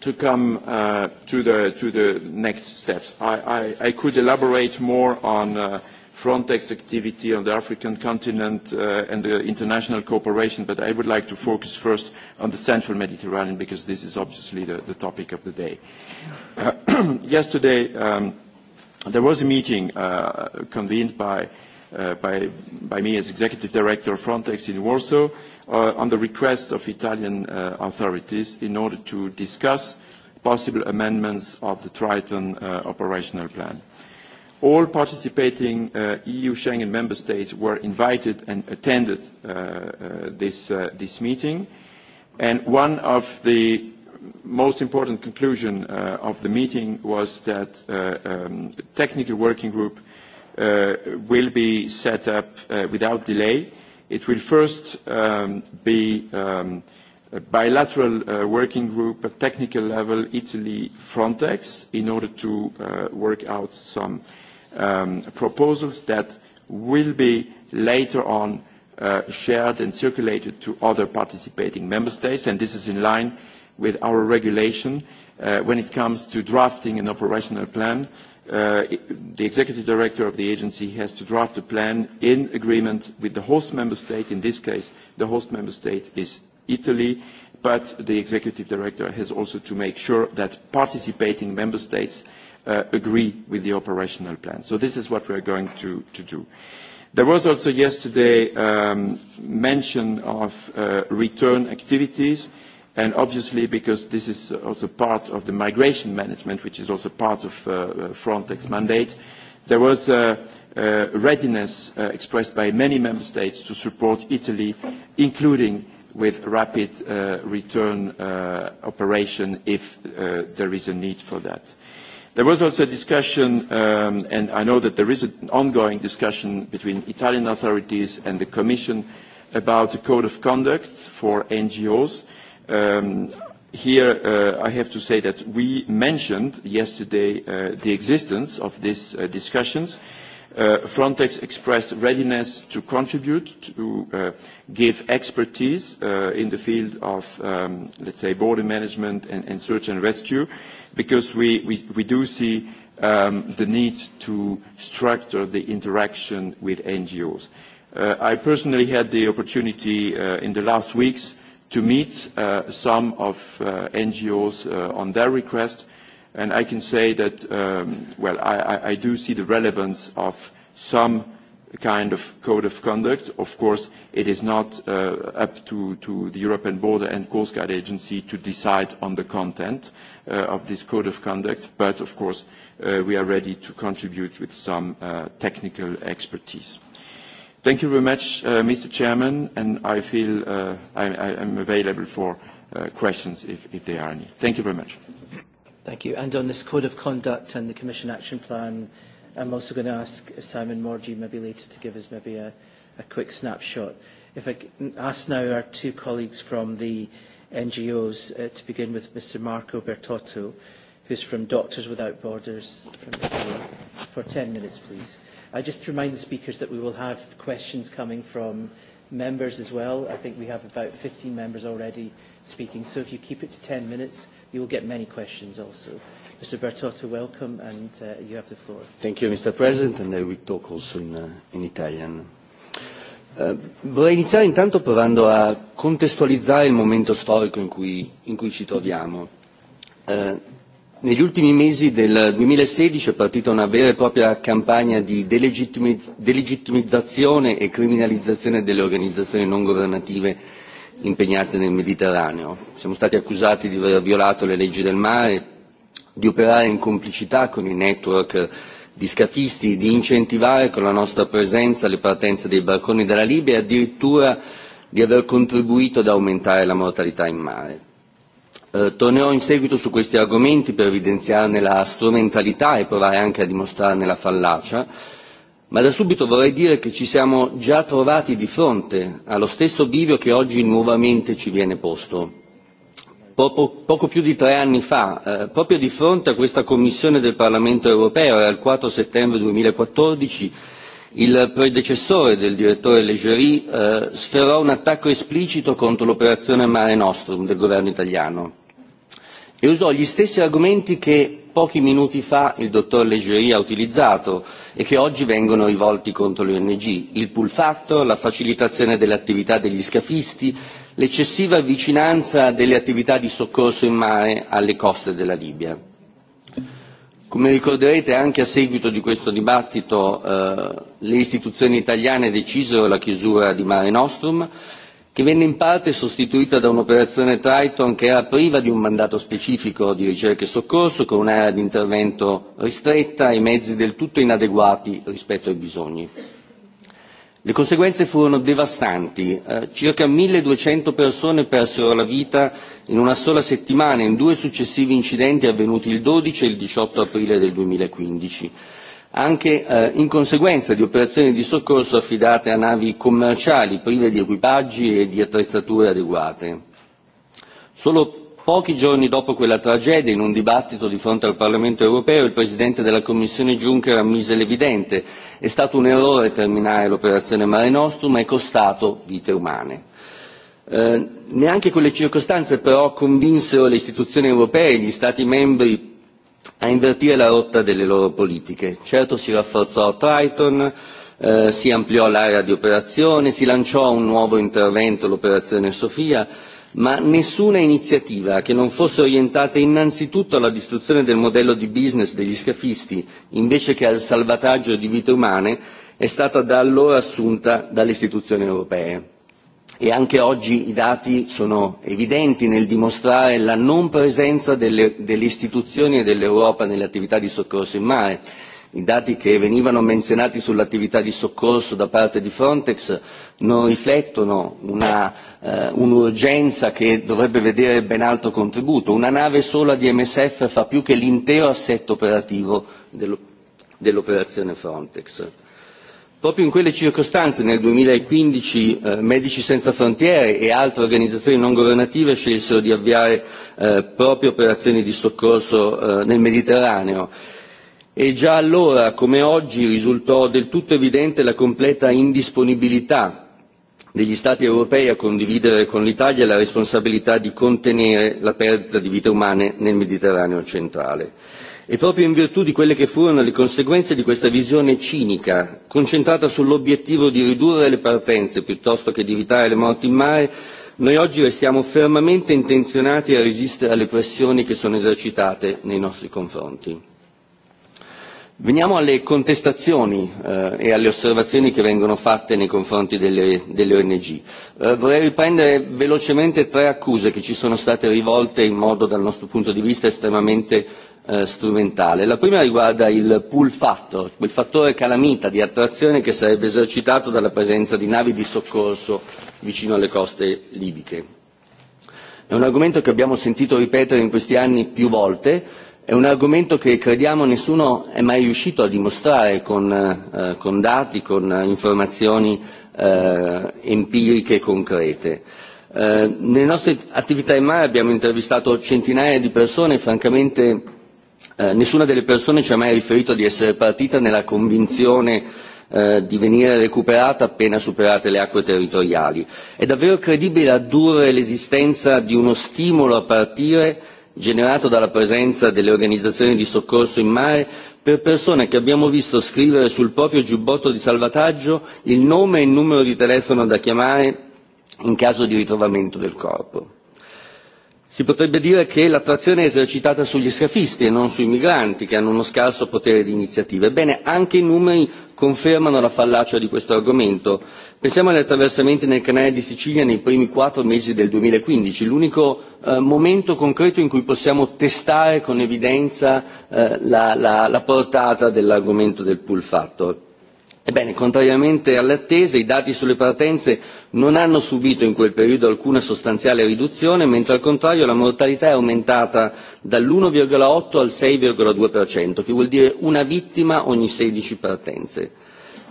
to come uh, to the to the next steps. I, I, I could elaborate more on uh, Frontex activity on the African continent uh, and the international cooperation, but I would like to focus first on the central Mediterranean because this is obviously the, the topic of the day. Uh, yesterday, um, there was a meeting uh, convened by, uh, by, by me as Executive Director of Frontex in Warsaw uh, on the request of Italian uh, authorities in order to discuss possible amendments of the Triton uh, operational plan. All participating uh, EU Schengen member states were invited and attended uh, uh, this, uh, this meeting. And one of the most important conclusion uh, of the meeting was that uh, um, technical working group uh, will be set up uh, without delay. It will first um, be um, a bilateral uh, working group at technical level, Italy, Frontex, in order to uh, work out some uh, Um, proposals that will be later on uh, shared and circulated to other participating member states, and this is in line with our regulation uh, when it comes to drafting an operational plan. Uh, the executive director of the agency has to draft a plan in agreement with the host member state. In this case, the host member state is Italy, but the executive director has also to make sure that participating member states Uh, agree with the operational plan. So this is what we are going to, do. There was also yesterday um, mention of uh, return activities, and obviously because this is also part of the migration management, which is also part of uh, Frontex mandate, there was a, readiness expressed by many member states to support Italy, including with rapid return operation if there is a need for that. There was also a discussion, um, and I know that there is an ongoing discussion between Italian authorities and the Commission about the code of conduct for NGOs. Um, here, uh, I have to say that we mentioned yesterday uh, the existence of these uh, discussions. Uh, Uh, Frontex expressed readiness to contribute, to uh, give expertise uh, in the field of, um, let's say, border management and, and search and rescue, because we, we, we do see um, the need to structure the interaction with NGOs. Uh, I personally had the opportunity uh, in the last weeks to meet uh, some of uh, NGOs uh, on their request uh, And I can say that, um, well, I, do see the relevance of some kind of code of conduct. Of course, it is not uh, up to, the European Border and Coast Guard Agency to decide on the content uh, of this code of conduct, but of course, uh, we are ready to contribute with some technical expertise. Thank you very much, Mr. Chairman, and I feel I'm I, am available for questions if, if there are any. Thank you very much. Thank you. And on this code of conduct and the Commission action plan, I'm also going to ask Simon Morgie maybe later to give us maybe a, a quick snapshot. If I ask now our two colleagues from the NGOs, uh, to begin with Mr. Marco Bertotto, who's from Doctors Without Borders from Italy, for 10 minutes, please. I just remind the speakers that we will have questions coming from members as well. I think we have about 15 members already speaking, so if you keep it to 10 minutes, You will get many questions also. Mr. Bertotto, welcome, and uh, you have the floor. Thank you, Mr. President, and I will talk also in, uh, in Italian. Uh, vorrei iniziare intanto provando a contestualizzare il momento storico in cui, in cui ci troviamo. Uh, negli ultimi mesi del 2016 è partita una vera e propria campagna di delegittimizzazione e criminalizzazione delle organizzazioni non governative impegnate nel Mediterraneo. Siamo stati accusati di aver violato le leggi del mare, di operare in complicità con i network di scafisti, di incentivare con la nostra presenza le partenze dei barconi dalla Libia e addirittura di aver contribuito ad aumentare la mortalità in mare. Eh, tornerò in seguito su questi argomenti per evidenziarne la strumentalità e provare anche a dimostrarne la fallacia Ma da subito vorrei dire che ci siamo già trovati di fronte allo stesso bivio che oggi nuovamente ci viene posto. Poco, poco più di tre anni fa, eh, proprio di fronte a questa Commissione del Parlamento europeo, era il 4 settembre 2014, il predecessore del direttore Leggeri eh, sferrò un attacco esplicito contro l'operazione Mare Nostrum del governo italiano e usò gli stessi argomenti che pochi minuti fa il dottor Leggeri ha utilizzato e che oggi vengono rivolti contro le ONG. Il pull factor, la facilitazione delle attività degli scafisti, l'eccessiva vicinanza delle attività di soccorso in mare alle coste della Libia. Come ricorderete anche a seguito di questo dibattito eh, le istituzioni italiane decisero la chiusura di Mare Nostrum che venne in parte sostituita da un'operazione Triton che era priva di un mandato specifico di ricerca e soccorso, con un'area di intervento ristretta e mezzi del tutto inadeguati rispetto ai bisogni. Le conseguenze furono devastanti. Eh, circa 1200 persone persero la vita in una sola settimana in due successivi incidenti avvenuti il 12 e il 18 aprile del 2015 anche eh, in conseguenza di operazioni di soccorso affidate a navi commerciali prive di equipaggi e di attrezzature adeguate. Solo pochi giorni dopo quella tragedia, in un dibattito di fronte al Parlamento europeo, il Presidente della Commissione Juncker ammise l'evidente è stato un errore terminare l'operazione Mare Nostrum è costato vite umane. Eh, neanche quelle circostanze però convinsero le istituzioni europee e gli Stati membri a invertire la rotta delle loro politiche. Certo si rafforzò Triton, eh, si ampliò l'area di operazione, si lanciò un nuovo intervento, l'operazione Sofia, ma nessuna iniziativa che non fosse orientata innanzitutto alla distruzione del modello di business degli scafisti invece che al salvataggio di vite umane è stata da allora assunta dalle istituzioni europee e anche oggi i dati sono evidenti nel dimostrare la non presenza delle, delle istituzioni e dell'Europa nelle attività di soccorso in mare. I dati che venivano menzionati sull'attività di soccorso da parte di Frontex non riflettono una, eh, un'urgenza che dovrebbe vedere ben altro contributo. Una nave sola di MSF fa più che l'intero assetto operativo dello, dell'operazione Frontex. Proprio in quelle circostanze nel 2015 eh, Medici Senza Frontiere e altre organizzazioni non governative scelsero di avviare eh, proprie operazioni di soccorso eh, nel Mediterraneo e già allora, come oggi, risultò del tutto evidente la completa indisponibilità degli Stati europei a condividere con l'Italia la responsabilità di contenere la perdita di vite umane nel Mediterraneo centrale E proprio in virtù di quelle che furono le conseguenze di questa visione cinica, concentrata sull'obiettivo di ridurre le partenze piuttosto che di evitare le morti in mare, noi oggi restiamo fermamente intenzionati a resistere alle pressioni che sono esercitate nei nostri confronti. Veniamo alle contestazioni eh, e alle osservazioni che vengono fatte nei confronti delle, delle ONG. Eh, vorrei riprendere velocemente tre accuse che ci sono state rivolte in modo, dal nostro punto di vista, estremamente eh, strumentale. La prima riguarda il pull factor, quel fattore calamita di attrazione che sarebbe esercitato dalla presenza di navi di soccorso vicino alle coste libiche. È un argomento che abbiamo sentito ripetere in questi anni più volte, è un argomento che crediamo nessuno è mai riuscito a dimostrare con, eh, con dati, con informazioni eh, empiriche e concrete. Eh, nelle nostre attività in mare abbiamo intervistato centinaia di persone, francamente Eh, nessuna delle persone ci ha mai riferito di essere partita nella convinzione eh, di venire recuperata appena superate le acque territoriali. È davvero credibile addurre l'esistenza di uno stimolo a partire generato dalla presenza delle organizzazioni di soccorso in mare per persone che abbiamo visto scrivere sul proprio giubbotto di salvataggio il nome e il numero di telefono da chiamare in caso di ritrovamento del corpo. Si potrebbe dire che la trazione è esercitata sugli scafisti e non sui migranti, che hanno uno scarso potere di iniziativa. Ebbene, anche i numeri confermano la fallacia di questo argomento. Pensiamo agli attraversamenti nel canale di Sicilia nei primi quattro mesi del 2015, l'unico eh, momento concreto in cui possiamo testare con evidenza eh, la, la, la portata dell'argomento del pull factor Ebbene, contrariamente alle attese, i dati sulle partenze non hanno subito in quel periodo alcuna sostanziale riduzione, mentre al contrario la mortalità è aumentata dall'1,8 al 6,2%, che vuol dire una vittima ogni 16 partenze,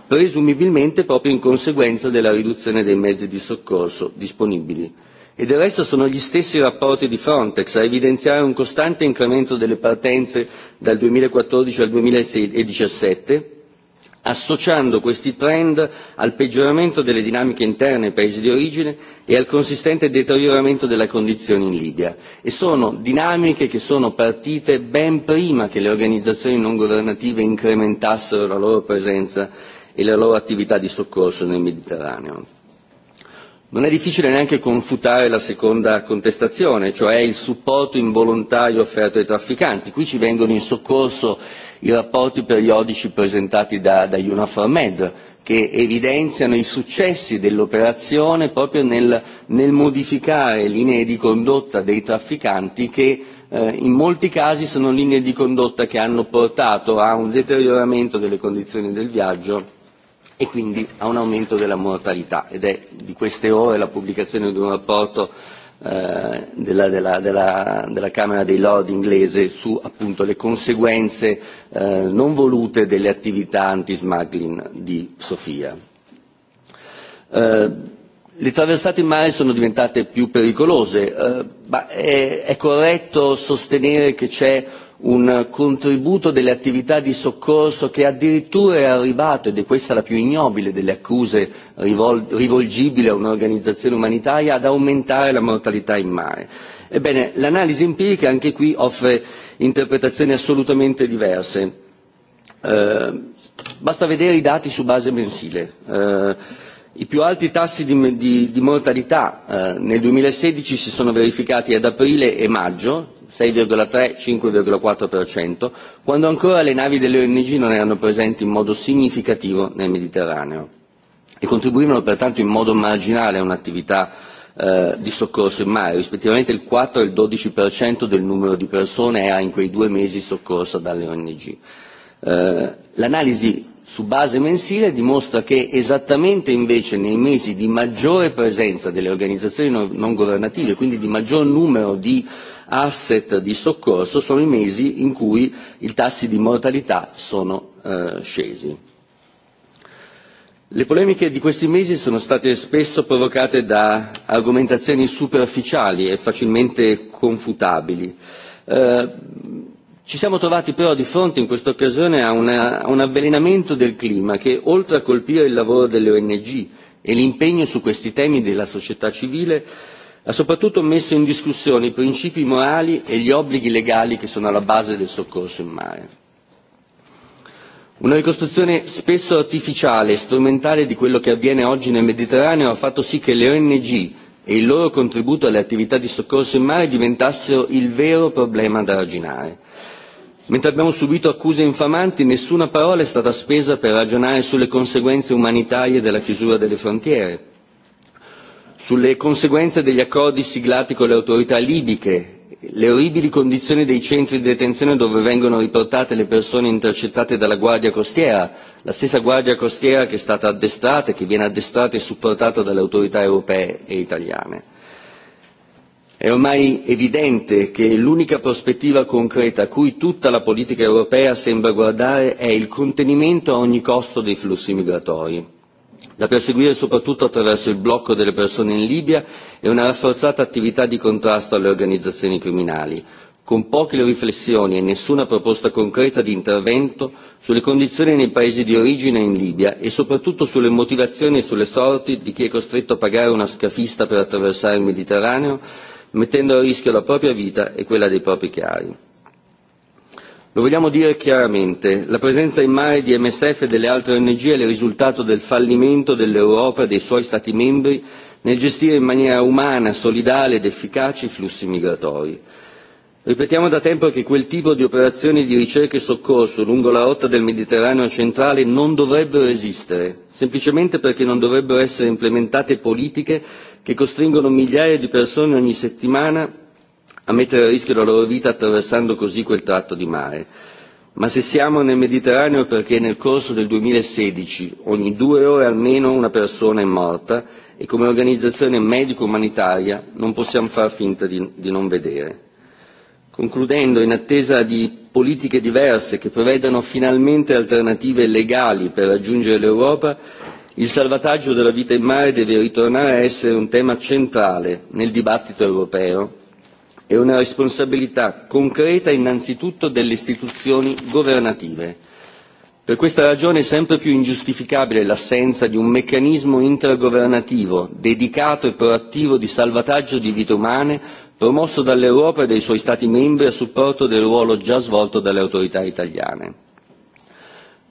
presumibilmente proprio in conseguenza della riduzione dei mezzi di soccorso disponibili. E del resto sono gli stessi rapporti di Frontex a evidenziare un costante incremento delle partenze dal 2014 al 2017, associando questi trend al peggioramento delle dinamiche interne ai paesi di origine e al consistente deterioramento della condizione in Libia. E sono dinamiche che sono partite ben prima che le organizzazioni non governative incrementassero la loro presenza e la loro attività di soccorso nel Mediterraneo. Non è difficile neanche confutare la seconda contestazione, cioè il supporto involontario offerto ai trafficanti. Qui ci vengono in soccorso i rapporti periodici presentati da, da Med che evidenziano i successi dell'operazione proprio nel, nel modificare linee di condotta dei trafficanti che eh, in molti casi sono linee di condotta che hanno portato a un deterioramento delle condizioni del viaggio e quindi a un aumento della mortalità ed è di queste ore la pubblicazione di un rapporto Eh, della, della, della, della Camera dei Lord inglese su appunto le conseguenze eh, non volute delle attività anti-smuggling di Sofia. Eh, le traversate in mare sono diventate più pericolose, eh, ma è, è corretto sostenere che c'è un contributo delle attività di soccorso che addirittura è arrivato, ed è questa la più ignobile delle accuse rivolgibili a un'organizzazione umanitaria, ad aumentare la mortalità in mare. Ebbene, l'analisi empirica anche qui offre interpretazioni assolutamente diverse. Eh, basta vedere i dati su base mensile. Eh, I più alti tassi di, di, di mortalità eh, nel 2016 si sono verificati ad aprile e maggio, 6,3-5,4%, quando ancora le navi delle ONG non erano presenti in modo significativo nel Mediterraneo e contribuivano pertanto in modo marginale a un'attività eh, di soccorso in mare, rispettivamente il 4 e il 12% del numero di persone era in quei due mesi soccorso dalle ONG. Eh, l'analisi su base mensile dimostra che esattamente invece nei mesi di maggiore presenza delle organizzazioni non, governative, quindi di maggior numero di asset di soccorso, sono i mesi in cui i tassi di mortalità sono eh, scesi. Le polemiche di questi mesi sono state spesso provocate da argomentazioni superficiali e facilmente confutabili. Eh, ci siamo trovati però di fronte in questa occasione a, una, a un avvelenamento del clima che, oltre a colpire il lavoro delle ONG e l'impegno su questi temi della società civile, ha soprattutto messo in discussione i principi morali e gli obblighi legali che sono alla base del soccorso in mare. Una ricostruzione spesso artificiale e strumentale di quello che avviene oggi nel Mediterraneo ha fatto sì che le ONG e il loro contributo alle attività di soccorso in mare diventassero il vero problema da arginare Mentre abbiamo subito accuse infamanti, nessuna parola è stata spesa per ragionare sulle conseguenze umanitarie della chiusura delle frontiere, sulle conseguenze degli accordi siglati con le autorità libiche, le orribili condizioni dei centri di detenzione dove vengono riportate le persone intercettate dalla Guardia Costiera, la stessa Guardia Costiera che è stata addestrata e che viene addestrata e supportata dalle autorità europee e italiane. È ormai evidente che l'unica prospettiva concreta a cui tutta la politica europea sembra guardare è il contenimento a ogni costo dei flussi migratori, da perseguire soprattutto attraverso il blocco delle persone in Libia e una rafforzata attività di contrasto alle organizzazioni criminali, con poche riflessioni e nessuna proposta concreta di intervento sulle condizioni nei paesi di origine in Libia e soprattutto sulle motivazioni e sulle sorti di chi è costretto a pagare una scafista per attraversare il Mediterraneo mettendo a rischio la propria vita e quella dei propri cari. Lo vogliamo dire chiaramente, la presenza in mare di MSF e delle altre ONG è il risultato del fallimento dell'Europa e dei suoi Stati membri nel gestire in maniera umana, solidale ed efficace i flussi migratori. Ripetiamo da tempo che quel tipo di operazioni di ricerca e soccorso lungo la rotta del Mediterraneo centrale non dovrebbero esistere, semplicemente perché non dovrebbero essere implementate politiche che costringono migliaia di persone ogni settimana a mettere a rischio la loro vita attraversando così quel tratto di mare. Ma se siamo nel Mediterraneo è perché nel corso del 2016 ogni due ore almeno una persona è morta e come organizzazione medico-umanitaria non possiamo far finta di, di non vedere. Concludendo, in attesa di politiche diverse che prevedano finalmente alternative legali per raggiungere l'Europa, Il salvataggio della vita in mare deve ritornare a essere un tema centrale nel dibattito europeo e una responsabilità concreta innanzitutto delle istituzioni governative. Per questa ragione è sempre più ingiustificabile l'assenza di un meccanismo intergovernativo dedicato e proattivo di salvataggio di vite umane promosso dall'Europa e dai suoi Stati membri a supporto del ruolo già svolto dalle autorità italiane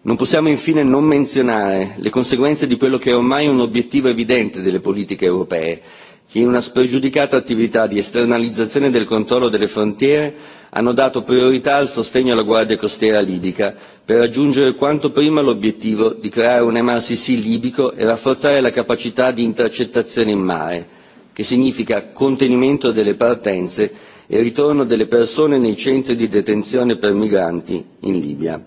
Non possiamo infine non menzionare le conseguenze di quello che è ormai un obiettivo evidente delle politiche europee, che in una spregiudicata attività di esternalizzazione del controllo delle frontiere hanno dato priorità al sostegno alla Guardia Costiera libica per raggiungere quanto prima l'obiettivo di creare un MRCC libico e rafforzare la capacità di intercettazione in mare, che significa contenimento delle partenze e ritorno delle persone nei centri di detenzione per migranti in Libia.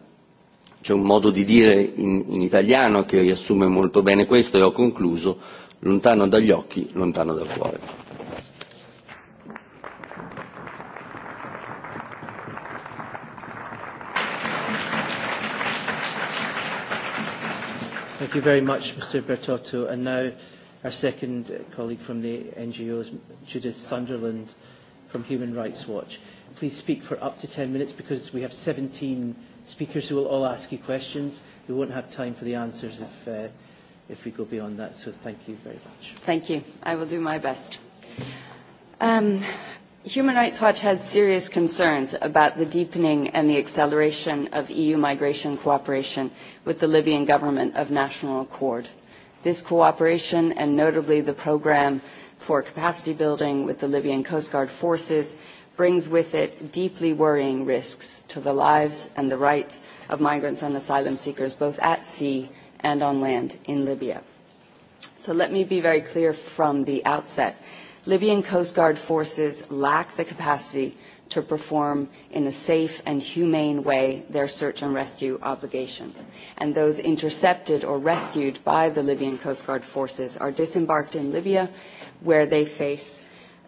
C'è un modo di dire in, in italiano che riassume molto bene questo e ho concluso lontano dagli occhi, lontano dal cuore. Thank you very much, Mr. Bertotto. And now our second colleague from the NGOs, Judith Sunderland from Human Rights Watch. Please speak for up to 10 minutes because we have 17 speakers who will all ask you questions. We won't have time for the answers if, uh, if we go beyond that, so thank you very much. Thank you. I will do my best. Um, Human Rights Watch has serious concerns about the deepening and the acceleration of EU migration cooperation with the Libyan government of national accord. This cooperation, and notably the program for capacity building with the Libyan Coast Guard forces, brings with it deeply worrying risks to the lives and the rights of migrants and asylum seekers, both at sea and on land in Libya. So let me be very clear from the outset. Libyan Coast Guard forces lack the capacity to perform in a safe and humane way their search and rescue obligations. And those intercepted or rescued by the Libyan Coast Guard forces are disembarked in Libya, where they face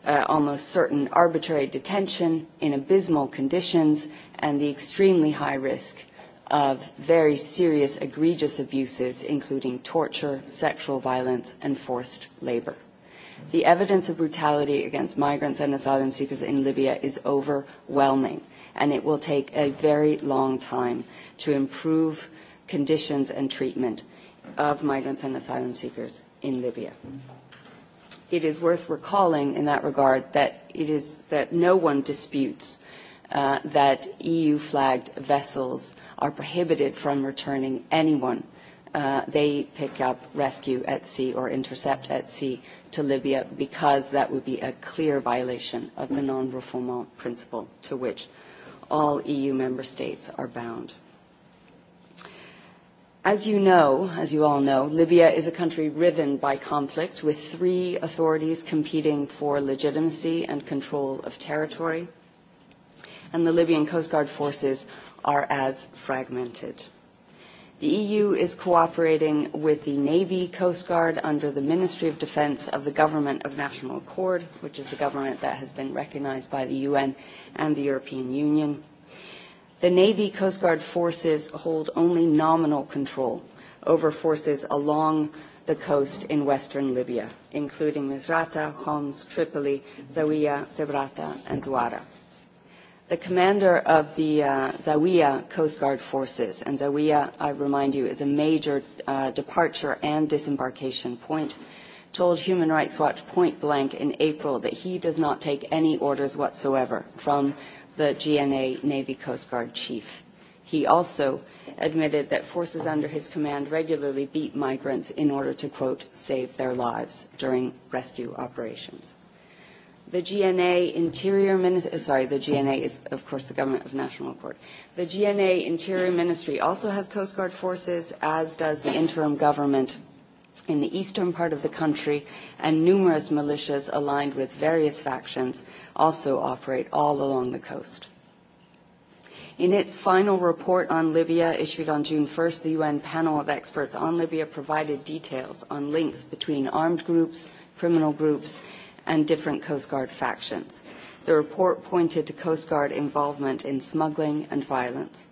uh, almost certain arbitrary detention in abysmal conditions and the extremely high risk of very serious egregious abuses, including torture, sexual violence, and forced labor. The evidence of brutality against migrants and asylum seekers in Libya is overwhelming, and it will take a very long time to improve conditions and treatment of migrants and asylum seekers in Libya. Mm-hmm it is worth recalling in that regard that it is that no one disputes uh, that EU flagged vessels are prohibited from returning anyone uh, they pick up, rescue at sea, or intercept at sea to Libya because that would be a clear violation of the non-refoulement principle to which all EU member states are bound. As you know, as you all know, Libya is a country riven by conflict with three authorities competing for legitimacy and control of territory. And the Libyan Coast Guard forces are as fragmented. The EU is cooperating with the Navy Coast Guard under the Ministry of Defence of the Government of National Accord, which is the government that has been recognised by the UN and the European Union. The Navy Coast Guard forces hold only nominal control over forces along the coast in western Libya, including Misrata, Homs, Tripoli, Zawiya, Zebrata, and Zawara. The commander of the uh, Zawiya Coast Guard forces, and Zawiya, I remind you, is a major uh, departure and disembarkation point, told Human Rights Watch point blank in April that he does not take any orders whatsoever from the GNA Navy Coast Guard chief. He also admitted that forces under his command regularly beat migrants in order to, quote, save their lives during rescue operations. The GNA Interior Ministry, uh, sorry, the GNA is, of course, the Government of National Accord. The GNA Interior Ministry also has Coast Guard forces, as does the interim government in the eastern part of the country, and numerous militias aligned with various factions also operate all along the coast. In its final report on Libya, issued on June 1st, the UN panel of experts on Libya provided details on links between armed groups, criminal groups, and different Coast Guard factions. The report pointed to Coast Guard involvement in smuggling and violence.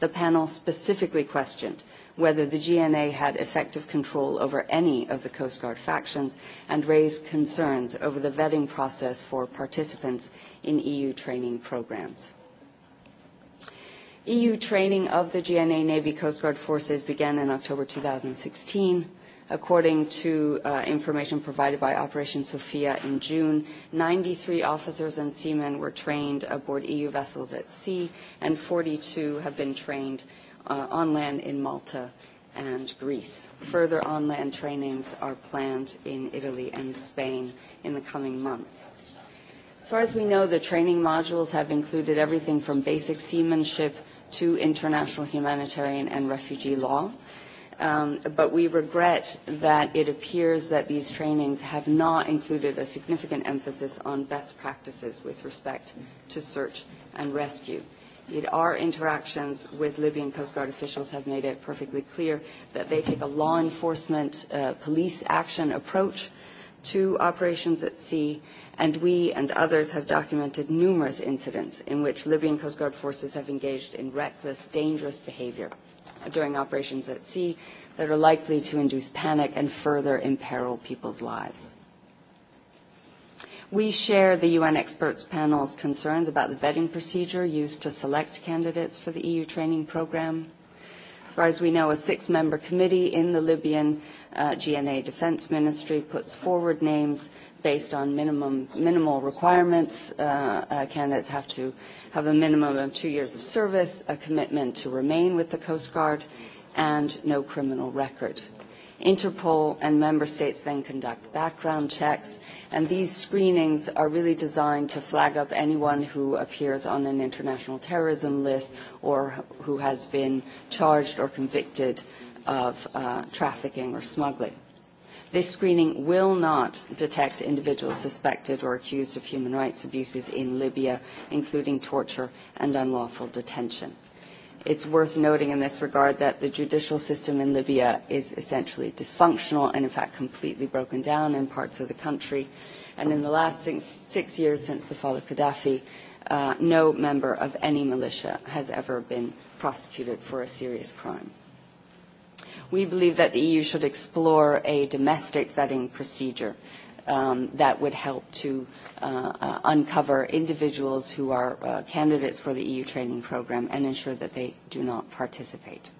The panel specifically questioned whether the GNA had effective control over any of the Coast Guard factions and raised concerns over the vetting process for participants in EU training programs. EU training of the GNA Navy Coast Guard forces began in October 2016. According to uh, information provided by Operation Sophia in June, 93 officers and seamen were trained aboard EU vessels at sea, and 42 have been trained uh, on land in Malta and Greece. Further on land trainings are planned in Italy and Spain in the coming months. As far as we know, the training modules have included everything from basic seamanship to international humanitarian and refugee law. Um, but we regret that it appears that these trainings have not included a significant emphasis on best practices with respect to search and rescue. Indeed, our interactions with Libyan Coast Guard officials have made it perfectly clear that they take a law enforcement uh, police action approach to operations at sea, and we and others have documented numerous incidents in which Libyan Coast Guard forces have engaged in reckless, dangerous behavior during operations at sea that are likely to induce panic and further imperil people's lives. We share the UN experts panel's concerns about the vetting procedure used to select candidates for the EU training program. As far as we know, a six-member committee in the Libyan uh, GNA Defense Ministry puts forward names based on minimum, minimal requirements. Uh, uh, candidates have to have a minimum of two years of service, a commitment to remain with the Coast Guard, and no criminal record. Interpol and member states then conduct background checks, and these screenings are really designed to flag up anyone who appears on an international terrorism list or who has been charged or convicted of uh, trafficking or smuggling. This screening will not detect individuals suspected or accused of human rights abuses in Libya, including torture and unlawful detention. It's worth noting in this regard that the judicial system in Libya is essentially dysfunctional and, in fact, completely broken down in parts of the country. And in the last six, six years since the fall of Gaddafi, uh, no member of any militia has ever been prosecuted for a serious crime. We believe that the EU should explore a domestic vetting procedure um, that would help to uh, uh, uncover individuals who are uh, candidates for the EU training program and ensure that they do not participate.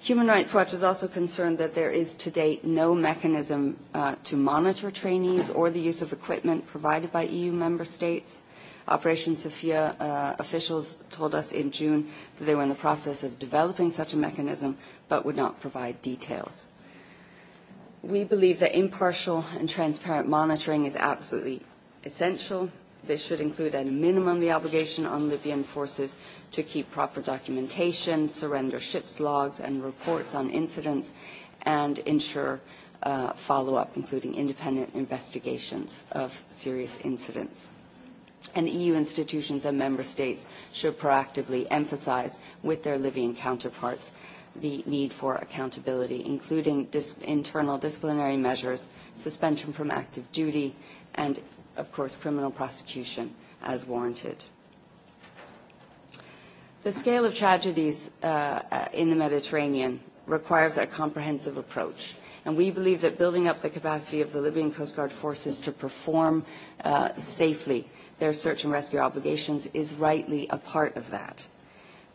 Human Rights Watch is also concerned that there is to date no mechanism uh, to monitor trainees or the use of equipment provided by EU member states. Operation Sophia uh, officials told us in June that they were in the process of developing such a mechanism but would not provide details. We believe that impartial and transparent monitoring is absolutely essential. This should include at a minimum the obligation on Libyan forces to keep proper documentation, surrender ships logs and reports on incidents, and ensure uh, follow-up, including independent investigations of serious incidents. And EU institutions and member states should proactively emphasize with their Libyan counterparts the need for accountability, including dis internal disciplinary measures, suspension from active duty, and, of course, criminal prosecution as warranted. The scale of tragedies uh, in the Mediterranean requires a comprehensive approach. And we believe that building up the capacity of the Libyan Coast Guard forces to perform uh, safely their search and rescue obligations is rightly a part of that.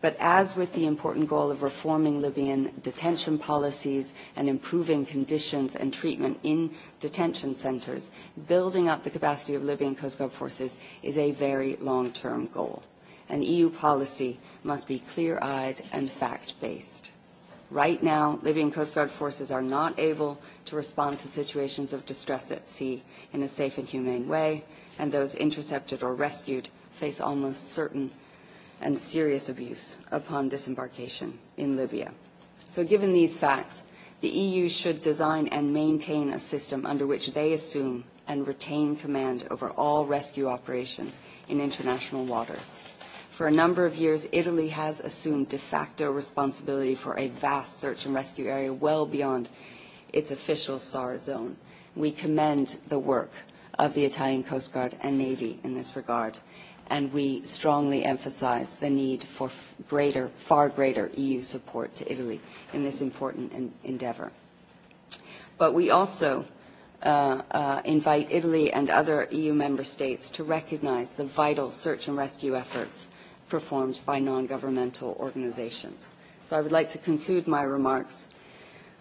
But as with the important goal of reforming Libyan detention policies and improving conditions and treatment in detention centres, building up the capacity of Libyan Coast Guard forces is a very long-term goal. And EU policy must be clear-eyed and fact-based. Right now, Libyan Coast Guard forces are not able to respond to situations of distress at sea in a safe and humane way, and those intercepted or rescued face almost certain and serious abuse upon disembarkation in Libya. So given these facts, the EU should design and maintain a system under which they assume and retain command over all rescue operations in international waters. For a number of years, Italy has assumed de facto responsibility for a vast search and rescue area well beyond its official SAR zone. We commend the work of the Italian Coast Guard and Navy in this regard and we strongly emphasise the need for greater, far greater EU support to Italy in this important endeavour. But we also uh, uh, invite Italy and other EU member states to recognise the vital search and rescue efforts performed by non-governmental organisations. So I would like to conclude my remarks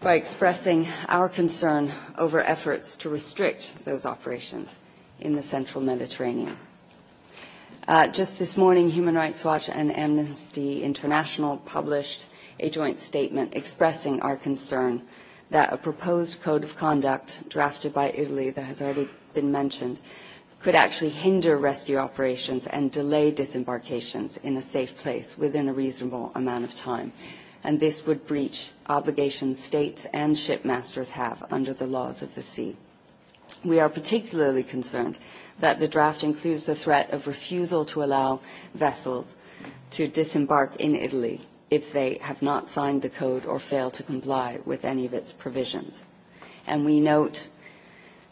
by expressing our concern over efforts to restrict those operations in the central Mediterranean. Uh, just this morning, Human Rights Watch and Amnesty International published a joint statement expressing our concern that a proposed code of conduct drafted by Italy that has already been mentioned could actually hinder rescue operations and delay disembarkations in a safe place within a reasonable amount of time. And this would breach obligations states and shipmasters have under the laws of the sea. We are particularly concerned that the draft includes the threat of refusal to allow vessels to disembark in Italy if they have not signed the code or fail to comply with any of its provisions. And we note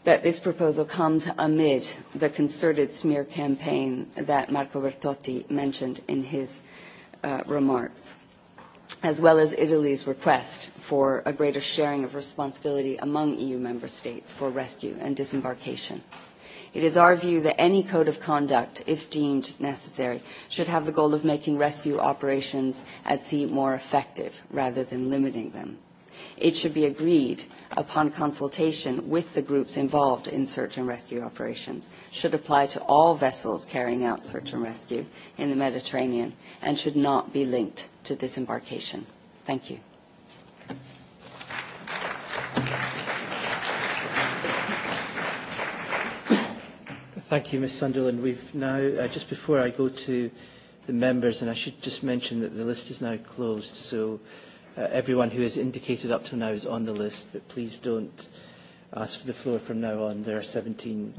that this proposal comes amid the concerted smear campaign that Marco Bertotti mentioned in his uh, remarks as well as Italy's request for a greater sharing of responsibility among EU member states for rescue and disembarkation. It is our view that any code of conduct, if deemed necessary, should have the goal of making rescue operations at sea more effective rather than limiting them. It should be agreed upon consultation with the groups involved in search and rescue operations, should apply to all vessels carrying out search and rescue in the Mediterranean and should not be linked to disembarkation. Thank you. Thank you, Ms Sunderland. We've now, uh, just before I go to the members, and I should just mention that the list is now closed, so Uh, everyone who has indicated up to now is on the list, but please don't ask for the floor from now on. There are 17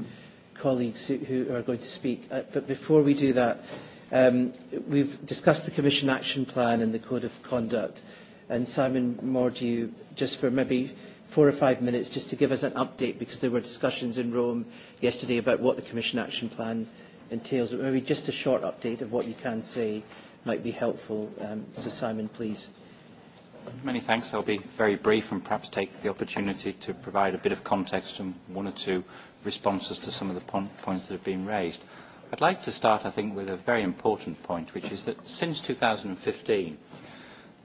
colleagues who, who are going to speak. Uh, but before we do that, um, we've discussed the Commission Action Plan and the Code of Conduct. And Simon Mordew, just for maybe four or five minutes, just to give us an update, because there were discussions in Rome yesterday about what the Commission Action Plan entails. But maybe just a short update of what you can say might be helpful. Um, so Simon, please. Many thanks. I'll be very brief and perhaps take the opportunity to provide a bit of context and one or two responses to some of the points that have been raised. I'd like to start, I think, with a very important point, which is that since 2015,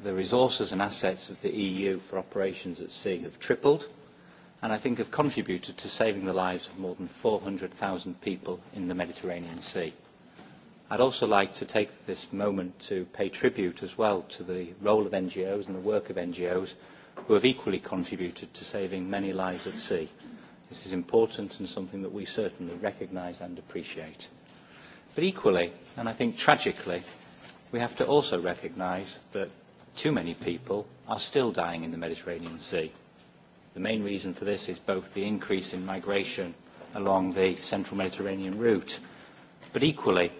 the resources and assets of the EU for operations at sea have tripled and I think have contributed to saving the lives of more than 400,000 people in the Mediterranean Sea. I'd also like to take this moment to pay tribute as well to the role of NGOs and the work of NGOs who have equally contributed to saving many lives at sea. This is important and something that we certainly recognise and appreciate. But equally, and I think tragically, we have to also recognise that too many people are still dying in the Mediterranean Sea. The main reason for this is both the increase in migration along the central Mediterranean route, but equally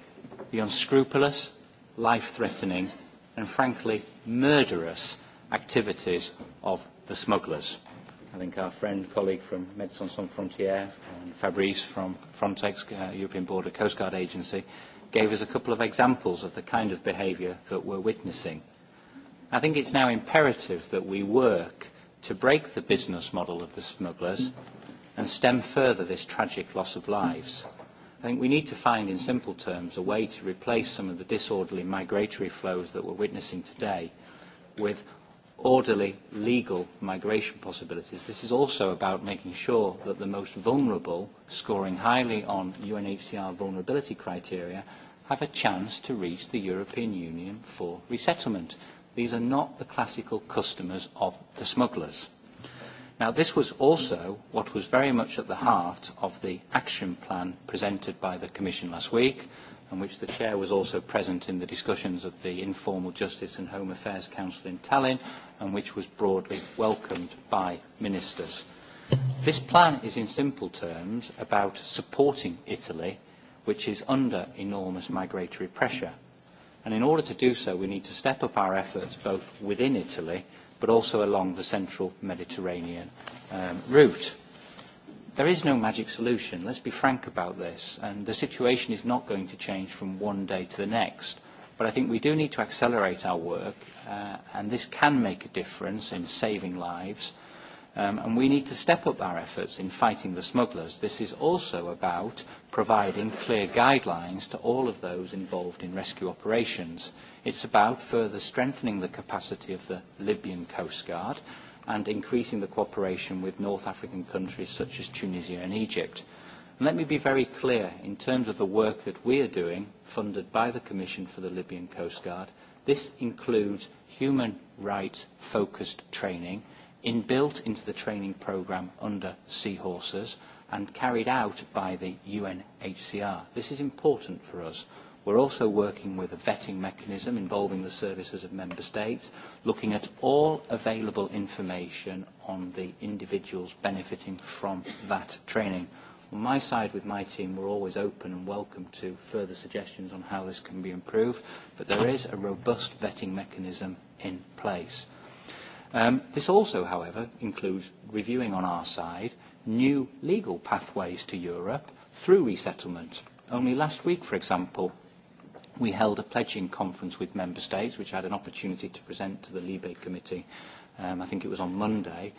the unscrupulous, life-threatening and frankly murderous activities of the smugglers. I think our friend, colleague from Médecins Sans Frontières and Fabrice from Frontex, uh, European Border Coast Guard Agency, gave us a couple of examples of the kind of behaviour that we're witnessing. I think it's now imperative that we work to break the business model of the smugglers and stem further this tragic loss of lives. I think we need to find, in simple terms, a way to replace some of the disorderly migratory flows that we're witnessing today with orderly, legal migration possibilities. This is also about making sure that the most vulnerable, scoring highly on UNHCR vulnerability criteria, have a chance to reach the European Union for resettlement. These are not the classical customers of the smugglers. Now, this was also what was very much at the heart of the action plan presented by the Commission last week, and which the Chair was also present in the discussions of the Informal Justice and Home Affairs Council in Tallinn, and which was broadly welcomed by ministers. This plan is in simple terms about supporting Italy, which is under enormous migratory pressure And in order to do so, we need to step up our efforts both within Italy but also along the central Mediterranean um, route. There is no magic solution. Let's be frank about this. And the situation is not going to change from one day to the next. But I think we do need to accelerate our work, uh, and this can make a difference in saving lives Um, and we need to step up our efforts in fighting the smugglers. This is also about providing clear guidelines to all of those involved in rescue operations. It's about further strengthening the capacity of the Libyan Coast Guard and increasing the cooperation with North African countries such as Tunisia and Egypt. And let me be very clear, in terms of the work that we are doing, funded by the Commission for the Libyan Coast Guard, this includes human rights-focused training – inbuilt into the training programme under seahorses and carried out by the UNHCR. This is important for us. We're also working with a vetting mechanism involving the services of member states, looking at all available information on the individuals benefiting from that training. On my side with my team, we're always open and welcome to further suggestions on how this can be improved, but there is a robust vetting mechanism in place. Um, this also, however, includes reviewing on our side new legal pathways to Europe through resettlement. Only last week, for example, we held a pledging conference with member states, which I had an opportunity to present to the Libe Committee, um, I think it was on Monday,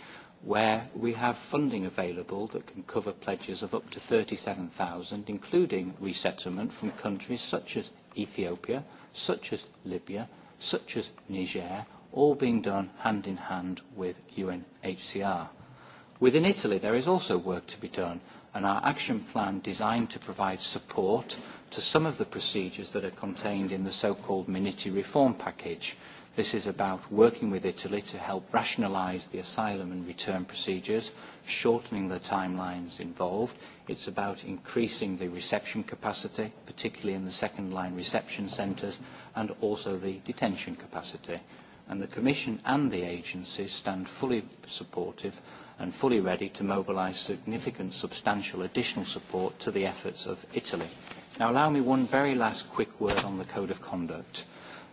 where we have funding available that can cover pledges of up to 37,000, including resettlement from countries such as Ethiopia, such as Libya, such as Niger, all being done hand in hand with UNHCR. Within Italy, there is also work to be done, and our action plan designed to provide support to some of the procedures that are contained in the so-called Miniti reform package. This is about working with Italy to help rationalise the asylum and return procedures, shortening the timelines involved. It's about increasing the reception capacity, particularly in the second-line reception centres, and also the detention capacity and the Commission and the agency stand fully supportive and fully ready to mobilise significant substantial additional support to the efforts of Italy. Now allow me one very last quick word on the Code of Conduct.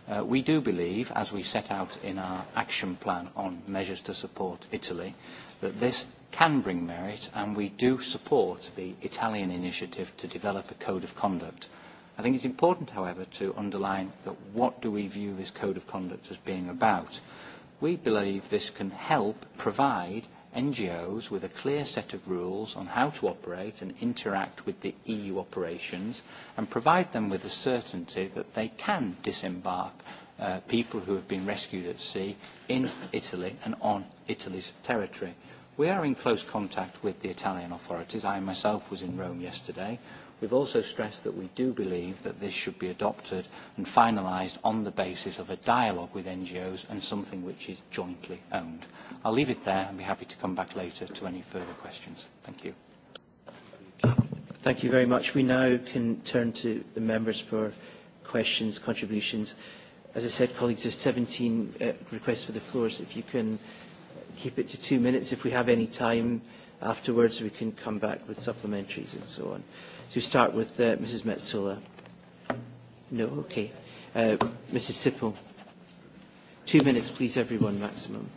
Uh, we do believe, as we set out in our action plan on measures to support Italy, that this can bring merit and we do support the Italian initiative to develop a code of conduct. I think it's important, however, to underline that what do we view this code of conduct as being about. We believe this can help provide NGOs with a clear set of rules on how to operate and interact with the EU operations and provide them with the certainty that they can disembark uh, people who have been rescued at sea in Italy and on Italy's territory. We are in close contact with the Italian authorities. I myself was in Rome yesterday We've also stressed that we do believe that this should be adopted and finalised on the basis of a dialogue with NGOs and something which is jointly owned. I'll leave it there and be happy to come back later to any further questions. Thank you. Thank you very much. We now can turn to the members for questions, contributions. As I said, colleagues, there's 17 uh, requests for the floors. If you can keep it to two minutes if we have any time. Uh, Afterwards, we can come back with supplementaries and so on. So we start with uh, Mrs. Metsola. No, okay. Uh, Mrs. Sippel. Two minutes, please, everyone, maximum.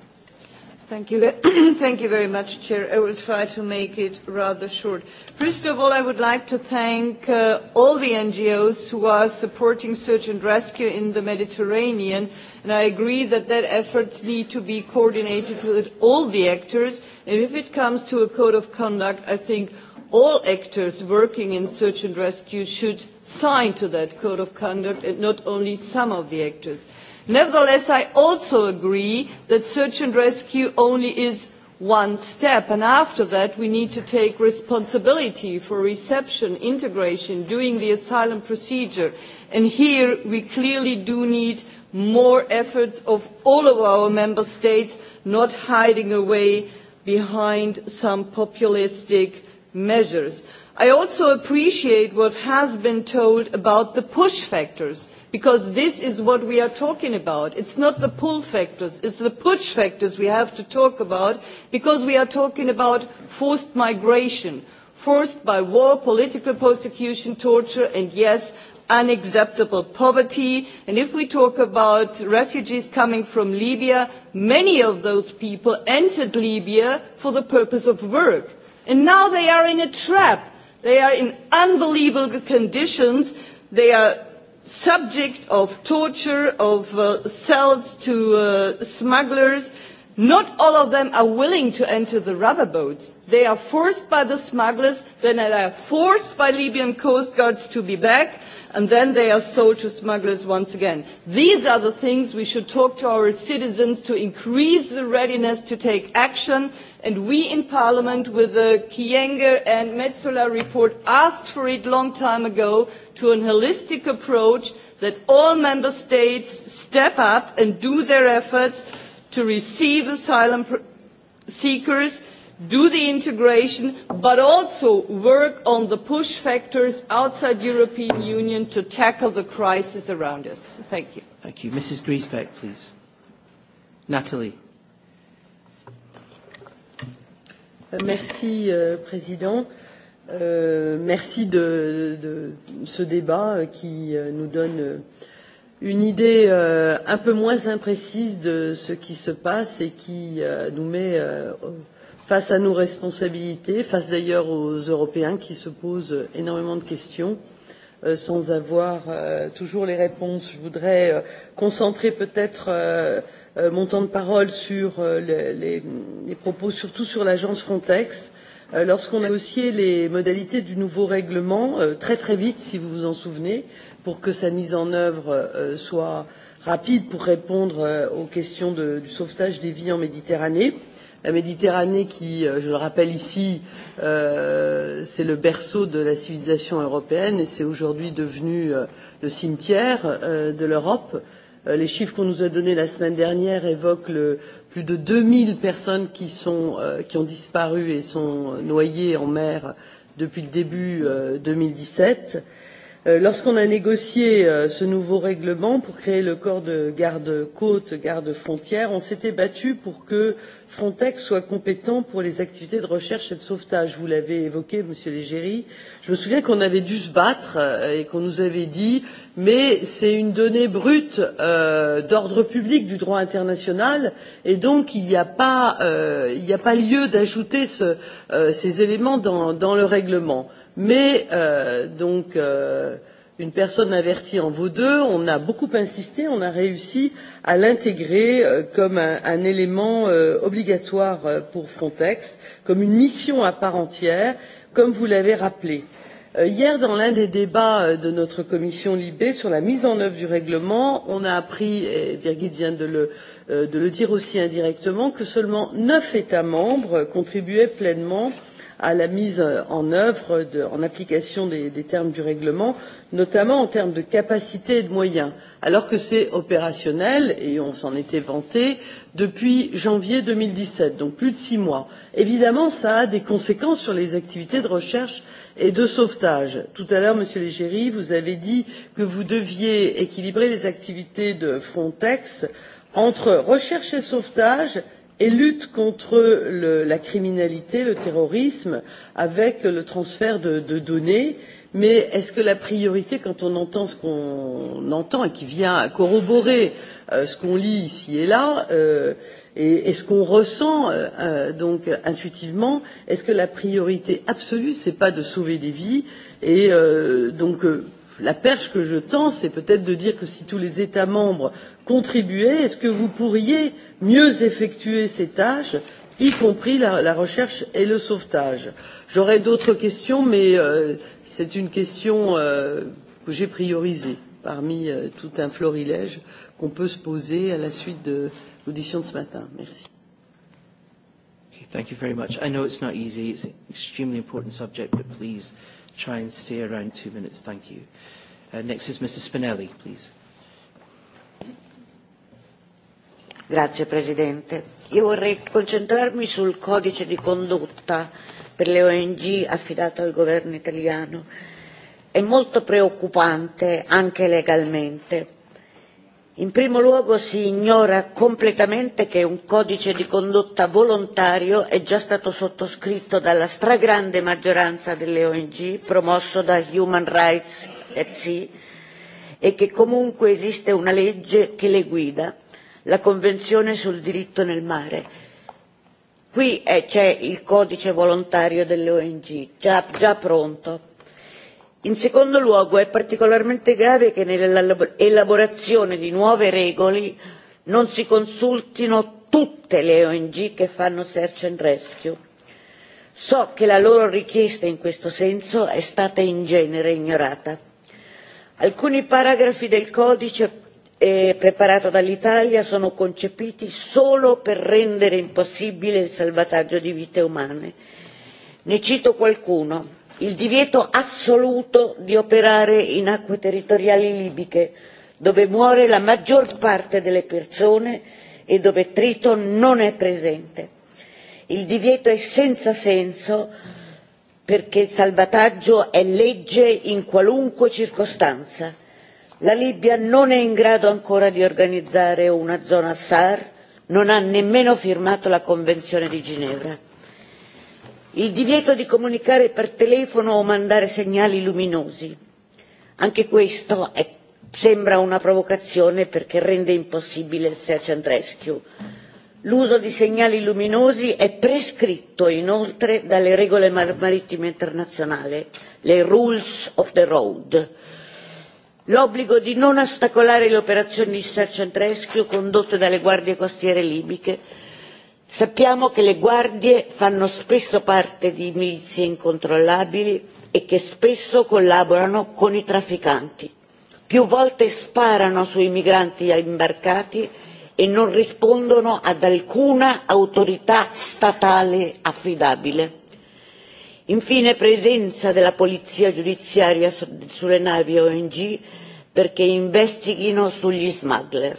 Thank you. thank you very much, Chair. I will try to make it rather short. First of all, I would like to thank uh, all the NGOs who are supporting search and rescue in the Mediterranean, and I agree that that efforts need to be coordinated with all the actors. And if it comes to a code of conduct, I think all actors working in search and rescue should sign to that code of conduct, and not only some of the actors. Nevertheless, I also agree that search and rescue only is one step, and after that we need to take responsibility for reception, integration, doing the asylum procedure. And here we clearly do need more efforts of all of our member states, not hiding away behind some populistic measures. I also appreciate what has been told about the push factors because this is what we are talking about. It's not the pull factors, it's the push factors we have to talk about because we are talking about forced migration, forced by war, political persecution, torture, and yes, unacceptable poverty. And if we talk about refugees coming from Libya, many of those people entered Libya for the purpose of work. And now they are in a trap. They are in unbelievable conditions. They are subject of torture, of uh, sold to uh, smugglers, Not all of them are willing to enter the rubber boats. They are forced by the smugglers, then they are forced by Libyan coast guards to be back, and then they are sold to smugglers once again. These are the things we should talk to our citizens to increase the readiness to take action. And we in Parliament, with the Kienge and Metzola report, asked for it long time ago to a holistic approach that all member states step up and do their efforts to receive asylum seekers do the integration but also work on the push factors outside the European Union to tackle the crisis around us. Thank you. Thank you. Mrs Griesbeck, please. Natalie. Euh, merci, euh, Président. Euh, merci de, de ce débat euh, qui euh, nous donne euh, une idée euh, un peu moins imprécise de ce qui se passe et qui euh, nous met euh, face à nos responsabilités, face d'ailleurs aux Européens qui se posent énormément de questions euh, sans avoir euh, toujours les réponses. Je voudrais euh, concentrer peut-être euh, euh, mon temps de parole sur euh, les, les, les propos surtout sur l'agence Frontex. Euh, Lorsqu'on a négocié les modalités du nouveau règlement, euh, très très vite si vous vous en souvenez, euh, pour que sa mise en œuvre euh, soit rapide pour répondre euh, aux questions de, du sauvetage des vies en Méditerranée. La Méditerranée qui, euh, je le rappelle ici, euh, c'est le berceau de la civilisation européenne et c'est aujourd'hui devenu euh, le cimetière euh, de l'Europe. Euh, les chiffres qu'on nous a donnés la semaine dernière évoquent le, plus de 2000 personnes qui, sont, euh, qui ont disparu et sont noyées en mer depuis le début euh, 2017. Euh, lorsqu'on a négocié euh, ce nouveau règlement pour créer le corps de garde côtes garde frontières on s'était battu pour que frontex soit compétent pour les activités de recherche et de sauvetage vous l'avez évoqué monsieur leggeri je me souviens qu'on avait dû se battre euh, et qu'on nous avait dit mais c'est une donnée brute euh, d'ordre public du droit international et donc il n'y a, euh, a pas lieu d'ajouter ce, euh, ces éléments dans, dans le règlement mais euh, donc euh, une personne avertie en vaut deux. On a beaucoup insisté, on a réussi à l'intégrer euh, comme un, un élément euh, obligatoire euh, pour Frontex, comme une mission à part entière, comme vous l'avez rappelé. Euh, hier, dans l'un des débats euh, de notre commission Libé sur la mise en œuvre du règlement, on a appris, et Birgit vient de le, euh, de le dire aussi indirectement, que seulement neuf États membres euh, contribuaient pleinement euh, à la mise en œuvre de, en application des, des termes du règlement notamment en termes de capacité et de moyens alors que c'est opérationnel et on s'en était vanté depuis janvier deux mille dix sept donc plus de six mois. évidemment cela a des conséquences sur les activités de recherche et de sauvetage. tout à l'heure monsieur legeri vous avez dit que vous deviez équilibrer les activités de frontex entre recherche et sauvetage et lutte contre le, la criminalité, le terrorisme, avec le transfert de, de données. Mais est-ce que la priorité, quand on entend ce qu'on entend et qui vient corroborer euh, ce qu'on lit ici et là, euh, et, et ce qu'on ressent euh, euh, donc intuitivement, est-ce que la priorité absolue, c'est pas de sauver des vies Et euh, donc euh, la perche que je tends, c'est peut-être de dire que si tous les États membres contribuer Est-ce que vous pourriez mieux effectuer ces tâches, y compris la, la recherche et le sauvetage J'aurais d'autres questions, mais euh, c'est une question euh, que j'ai priorisée parmi euh, tout un florilège qu'on peut se poser à la suite de l'audition de ce matin. Merci. Okay, thank you very much. I know it's not easy. It's an extremely important subject, but please try and stay around two minutes. Thank you. Uh, next is Mrs. Spinelli, please. Grazie Presidente. Io vorrei concentrarmi sul codice di condotta per le ONG affidato al governo italiano. È molto preoccupante anche legalmente. In primo luogo si ignora completamente che un codice di condotta volontario è già stato sottoscritto dalla stragrande maggioranza delle ONG, promosso da Human Rights at Sea, e che comunque esiste una legge che le guida la Convenzione sul diritto nel mare. Qui eh, c'è il codice volontario delle ONG, già, già pronto. In secondo luogo è particolarmente grave che nell'elaborazione di nuove regole non si consultino tutte le ONG che fanno search and rescue. So che la loro richiesta in questo senso è stata in genere ignorata. Alcuni paragrafi del codice eh, preparato dall'Italia sono concepiti solo per rendere impossibile il salvataggio di vite umane. Ne cito qualcuno. Il divieto assoluto di operare in acque territoriali libiche, dove muore la maggior parte delle persone e dove Triton non è presente. Il divieto è senza senso perché il salvataggio è legge in qualunque circostanza la Libia non è in grado ancora di organizzare una zona SAR, non ha nemmeno firmato la Convenzione di Ginevra. Il divieto di comunicare per telefono o mandare segnali luminosi. Anche questo è, sembra una provocazione perché rende impossibile il search and rescue. L'uso di segnali luminosi è prescritto inoltre dalle regole marittime internazionali, le rules of the road l'obbligo di non ostacolare le operazioni di search and rescue condotte dalle guardie costiere libiche. Sappiamo che le guardie fanno spesso parte di milizie incontrollabili e che spesso collaborano con i trafficanti. Più volte sparano sui migranti imbarcati e non rispondono ad alcuna autorità statale affidabile. Infine presenza della polizia giudiziaria sulle navi ONG perché investighino sugli smuggler.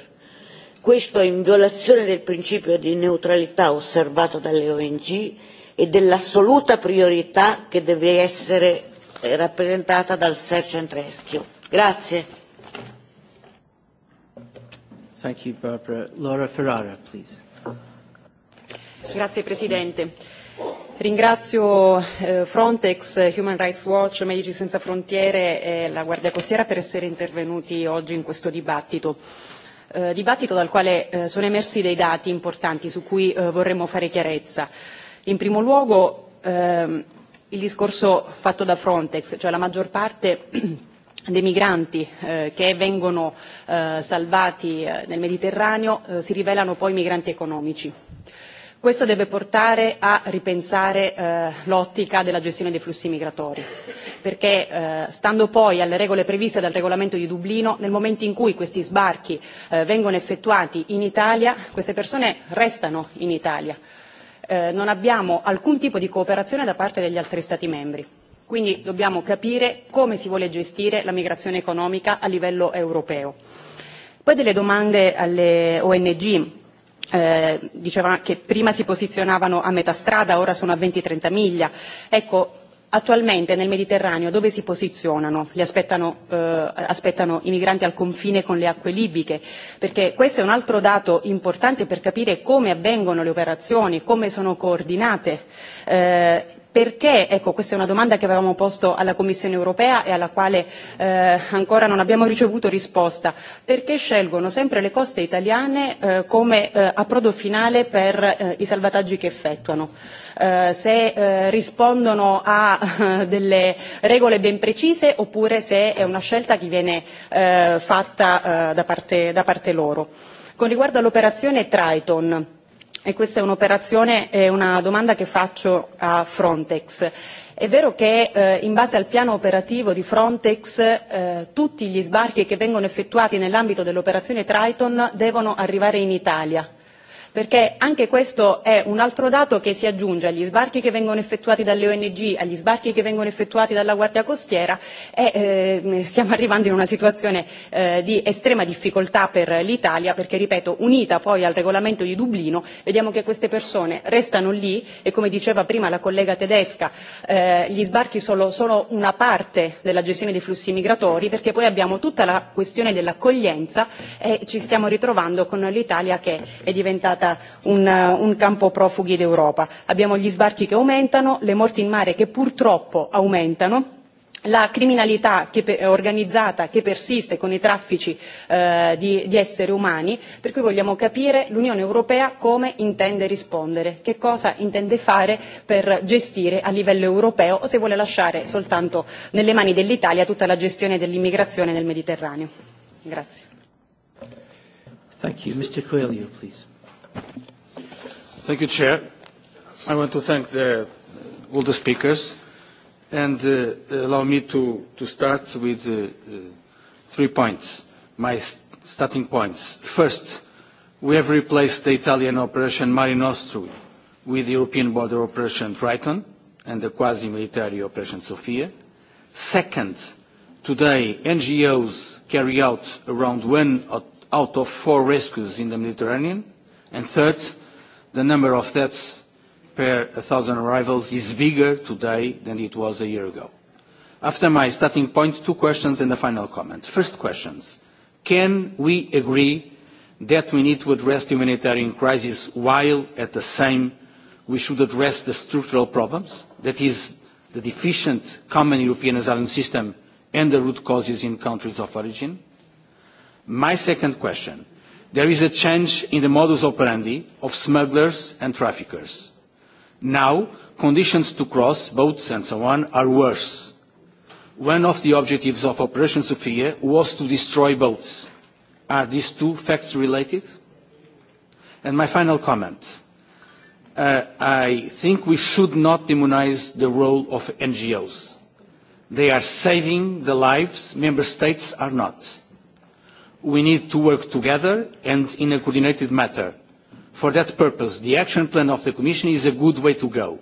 Questo in violazione del principio di neutralità osservato dalle ONG e dell'assoluta priorità che deve essere eh, rappresentata dal Search and Rescue. Grazie. Thank you, Barbara. Laura Ferrara, please. Grazie Presidente. Ringrazio eh, Frontex, eh, Human Rights Watch, Medici Senza Frontiere e la Guardia Costiera per essere intervenuti oggi in questo dibattito. Eh, dibattito dal quale eh, sono emersi dei dati importanti su cui eh, vorremmo fare chiarezza. In primo luogo ehm, il discorso fatto da Frontex, cioè la maggior parte dei migranti eh, che vengono eh, salvati eh, nel Mediterraneo eh, si rivelano poi migranti economici. Eh, Questo deve portare a ripensare eh, l'ottica della gestione dei flussi migratori, perché eh, stando poi alle regole previste dal regolamento di Dublino, nel momento in cui questi sbarchi eh, vengono effettuati in Italia, queste persone restano in Italia. Eh, non abbiamo alcun tipo di cooperazione da parte degli altri Stati membri. Quindi dobbiamo capire come si vuole gestire la migrazione economica a livello europeo. Poi delle domande alle ONG eh, diceva che prima si posizionavano a metà strada, ora sono a 20-30 miglia. Ecco, attualmente nel Mediterraneo dove si posizionano? Li aspettano, eh, aspettano i migranti al confine con le acque libiche? Perché questo è un altro dato importante per capire come avvengono le operazioni, come sono coordinate. Eh, perché, ecco questa è una domanda che avevamo posto alla Commissione europea e alla quale eh, ancora non abbiamo ricevuto risposta, perché scelgono sempre le coste italiane eh, come eh, approdo finale per eh, i salvataggi che effettuano? Eh, se eh, rispondono a eh, delle regole ben precise oppure se è una scelta che viene eh, fatta eh, da, parte, da parte loro. Con riguardo all'operazione Triton, e questa è un'operazione è una domanda che faccio a Frontex. È vero che eh, in base al piano operativo di Frontex eh, tutti gli sbarchi che vengono effettuati nell'ambito dell'operazione Triton devono arrivare in Italia, perché anche questo è un altro dato che si aggiunge agli sbarchi che vengono effettuati dalle ONG, agli sbarchi che vengono effettuati dalla Guardia Costiera e eh, stiamo arrivando in una situazione eh, di estrema difficoltà per l'Italia perché, ripeto, unita poi al regolamento di Dublino, vediamo che queste persone restano lì e come diceva prima la collega tedesca, eh, gli sbarchi sono solo una parte della gestione dei flussi migratori perché poi abbiamo tutta la questione dell'accoglienza e ci stiamo ritrovando con l'Italia che è diventata diventata una, uh, un campo profughi d'Europa. Abbiamo gli sbarchi che aumentano, le morti in mare che purtroppo aumentano la criminalità che, organizzata che persiste con i traffici eh, di, di esseri umani, per cui vogliamo capire l'Unione Europea come intende rispondere, che cosa intende fare per gestire a livello europeo o se vuole lasciare soltanto nelle mani dell'Italia tutta la gestione dell'immigrazione nel Mediterraneo. Grazie. Thank you. Mr. Coelho, please. Thank you, Chair. I want to thank the, all the speakers and uh, allow me to, to start with uh, uh, three points, my starting points. First, we have replaced the Italian operation Mare Nostrum with the European border operation Triton and the quasi-military operation Sophia. Second, today NGOs carry out around one out of four rescues in the Mediterranean And third, the number of deaths per 1,000 arrivals is bigger today than it was a year ago. After my starting point, two questions and a final comment. First questions. Can we agree that we need to address the humanitarian crisis while at the same we should address the structural problems? That is, the deficient common European asylum system and the root causes in countries of origin? My second question there is a change in the modus operandi of smugglers and traffickers. Now, conditions to cross boats and so on are worse. One of the objectives of Operation Sophia was to destroy boats. Are these two facts related? And my final comment. Uh, I think we should not demonize the role of NGOs. They are saving the lives, member states are not we need to work together and in a coordinated manner. For that purpose, the action plan of the Commission is a good way to go.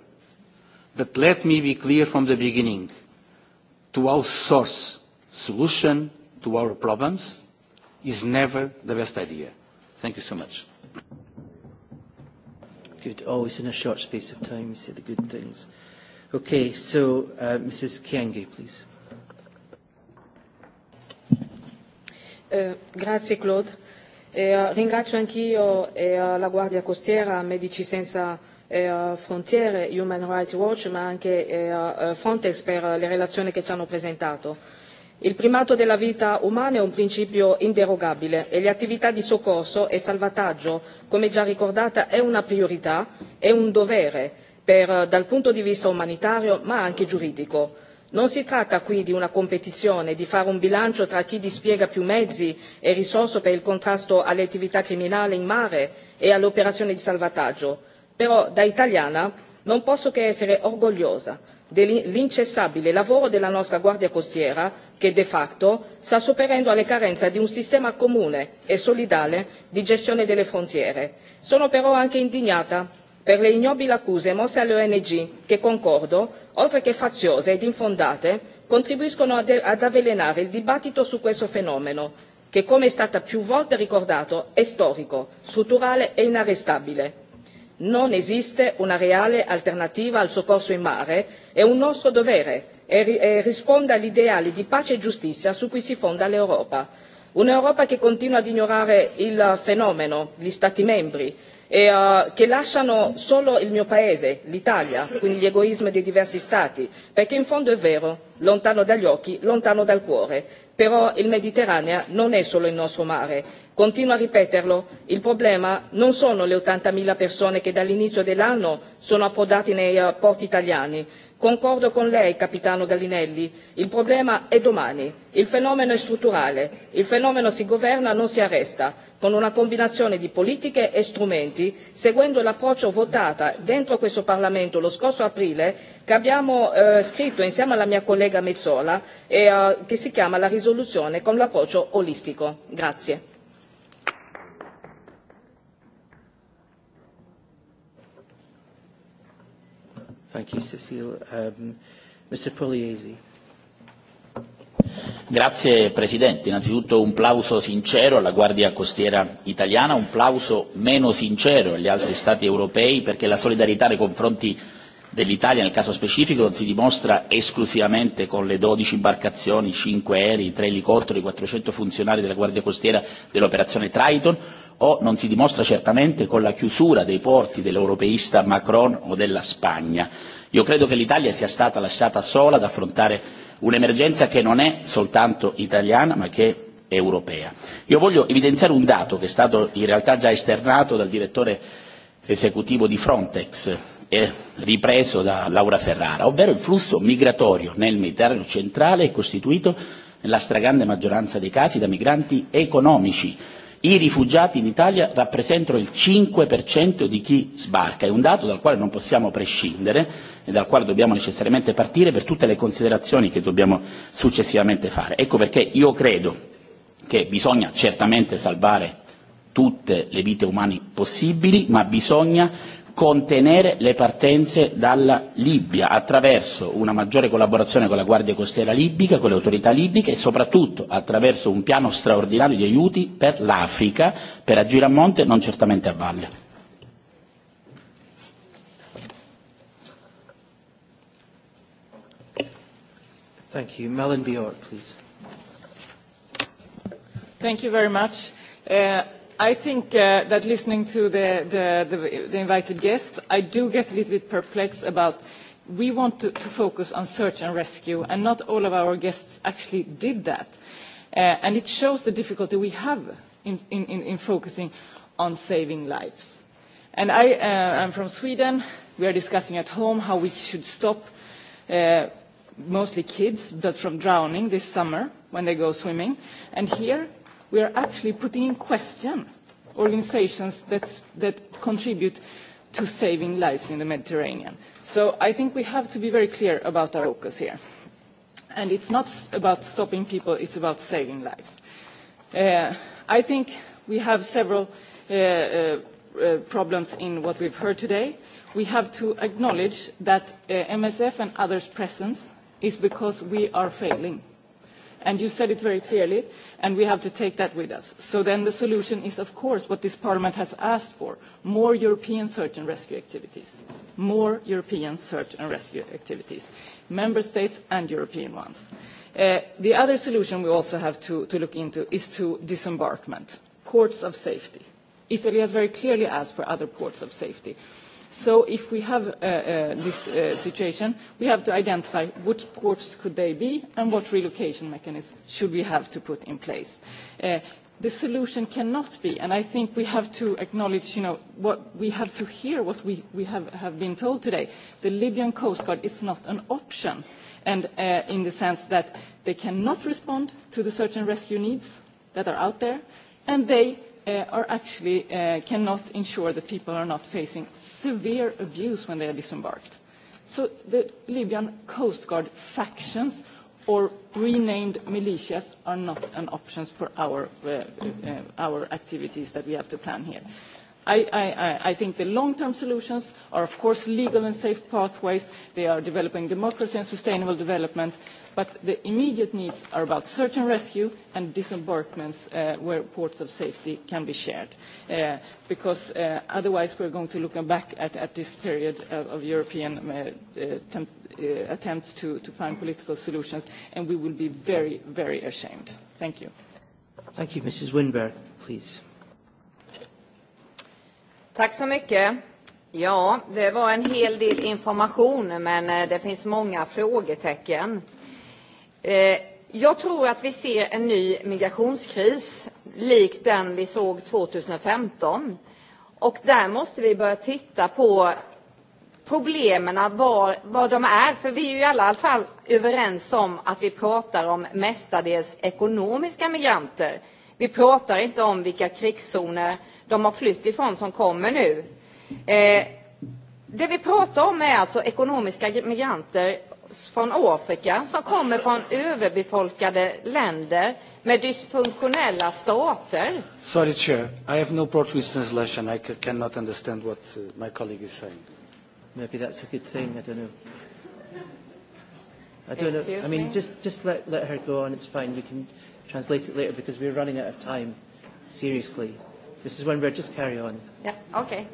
But let me be clear from the beginning. To outsource solution to our problems is never the best idea. Thank you so much. Good. Always in a short space of time, you say the good things. Okay, so uh, Mrs. Kiangi, please. Eh, grazie Claude. Eh, ringrazio anch'io eh, la Guardia Costiera, Medici Senza eh, Frontiere, Human Rights Watch, ma anche eh, eh, Frontex per le relazioni che ci hanno presentato. Il primato della vita umana è un principio inderogabile e le attività di soccorso e salvataggio, come già ricordata, è una priorità, è un dovere per, eh, dal punto di vista umanitario ma anche giuridico Non si tratta qui di una competizione, di fare un bilancio tra chi dispiega più mezzi e risorse per il contrasto alle attività criminali in mare e alle operazioni di salvataggio, però da italiana non posso che essere orgogliosa dell'incessabile lavoro della nostra Guardia Costiera che de facto sta sopperendo alle carenze di un sistema comune e solidale di gestione delle frontiere. Sono però anche indignata per le ignobili accuse mosse alle ONG che, concordo, oltre che faziose ed infondate contribuiscono ad, avvelenare il dibattito su questo fenomeno che come è stato più volte ricordato è storico strutturale e inarrestabile. non esiste una reale alternativa al soccorso in mare è un nostro dovere e risponde agli ideali di pace e giustizia su cui si fonda l'europa un'europa che continua ad ignorare il fenomeno gli stati membri e, uh, che lasciano solo il mio paese, l'Italia, quindi gli egoismi dei diversi stati, perché in fondo è vero, lontano dagli occhi, lontano dal cuore, però il Mediterraneo non è solo il nostro mare. Continuo a ripeterlo, il problema non sono le 80.000 persone che dall'inizio dell'anno sono approdate nei eh, porti italiani, Concordo con lei, capitano Gallinelli, il problema è domani, il fenomeno è strutturale, il fenomeno si governa, non si arresta, con una combinazione di politiche e strumenti, seguendo l'approccio votato dentro questo Parlamento lo scorso aprile, che abbiamo eh, scritto insieme alla mia collega Mezzola, e, eh, che si chiama la risoluzione con l'approccio olistico. Grazie. Thank you, Cecile. Um, Mr. Pugliese. Grazie Presidente, innanzitutto un plauso sincero alla Guardia Costiera italiana, un plauso meno sincero agli altri Stati europei perché la solidarietà nei confronti dell'Italia nel caso specifico si dimostra esclusivamente con le 12 imbarcazioni, 5 aerei, 3 elicotteri, 400 funzionari della Guardia Costiera dell'operazione Triton o non si dimostra certamente con la chiusura dei porti dell'europeista Macron o della Spagna. Io credo che l'Italia sia stata lasciata sola ad affrontare un'emergenza che non è soltanto italiana ma che europea. Io voglio evidenziare un dato che è stato in realtà già esternato dal direttore esecutivo di Frontex, eh, ripreso da Laura Ferrara, ovvero il flusso migratorio nel Mediterraneo centrale è costituito nella stragrande maggioranza dei casi da migranti economici. I rifugiati in Italia rappresentano il 5% di chi sbarca, è un dato dal quale non possiamo prescindere e dal quale dobbiamo necessariamente partire per tutte le considerazioni che dobbiamo successivamente fare. Ecco perché io credo che bisogna certamente salvare tutte le vite umane possibili, ma bisogna contenere le partenze dalla Libia attraverso una maggiore collaborazione con la Guardia Costiera libica, con le autorità libiche e soprattutto attraverso un piano straordinario di aiuti per l'Africa per agire a monte e non certamente a valle. Thank you. Melon Bjork, please. Thank you very much. Uh, I think uh, that listening to the, the, the, the invited guests, I do get a little bit perplexed about we want to, to focus on search and rescue, and not all of our guests actually did that. Uh, and it shows the difficulty we have in, in, in focusing on saving lives. And I am uh, from Sweden. We are discussing at home how we should stop uh, mostly kids, but from drowning this summer when they go swimming. And here we are actually putting in question organisations that contribute to saving lives in the Mediterranean. So I think we have to be very clear about our focus here. And it's not about stopping people, it's about saving lives. Uh, I think we have several uh, uh, uh problems in what we've heard today. We have to acknowledge that uh, MSF and others' presence is because we are failing and you said it very clearly and we have to take that with us. so then the solution is of course what this parliament has asked for more european search and rescue activities more european search and rescue activities member states and european ones. Uh, the other solution we also have to, to look into is to disembarkment ports of safety. italy has very clearly asked for other ports of safety so if we have uh, uh, this uh, situation we have to identify which ports could they be and what relocation mechanism should we have to put in place. Uh, the solution cannot be and i think we have to acknowledge you know what we have to hear what we, we have, have been told today the libyan coast guard is not an option and uh, in the sense that they cannot respond to the search and rescue needs that are out there and they Uh, are actually uh, cannot ensure that people are not facing severe abuse when they are disembarked. So the Libyan Coast Guard factions or renamed militias are not an option for our, uh, uh, uh, our activities that we have to plan here. I, I, I think the long-term solutions are, of course, legal and safe pathways. They are developing democracy and sustainable development but the immediate needs are about search and rescue and disembarkments uh, where ports of safety can be shared, uh, because uh, otherwise we're going to look back at, at this period of, of European uh, uh, temp, uh, attempts to, to find political solutions, and we will be very, very ashamed. Thank you. Thank you. Mrs. Winberg, please. Tack så mycket. Ja, det var en hel del information, men eh, det finns många frågetecken. Eh, jag tror att vi ser en ny migrationskris lik den vi såg 2015. Och där måste vi börja titta på problemen, var, var de är. För vi är ju i alla fall överens om att vi pratar om mestadels ekonomiska migranter. Vi pratar inte om vilka krigszoner de har flytt ifrån som kommer nu. Eh, det vi pratar om är alltså ekonomiska migranter från Afrika som kommer från överbefolkade länder med dysfunktionella stater. Sorry, Chair. I have no Portuguese translation. I cannot understand what uh, my colleague is saying. Maybe that's a good thing. I don't know. I don't Excuse know. I mean, me? just, just let, let her go on. It's fine. You can translate it later because we're running out of time. Seriously. This is when we're just carry on. Yeah, okay.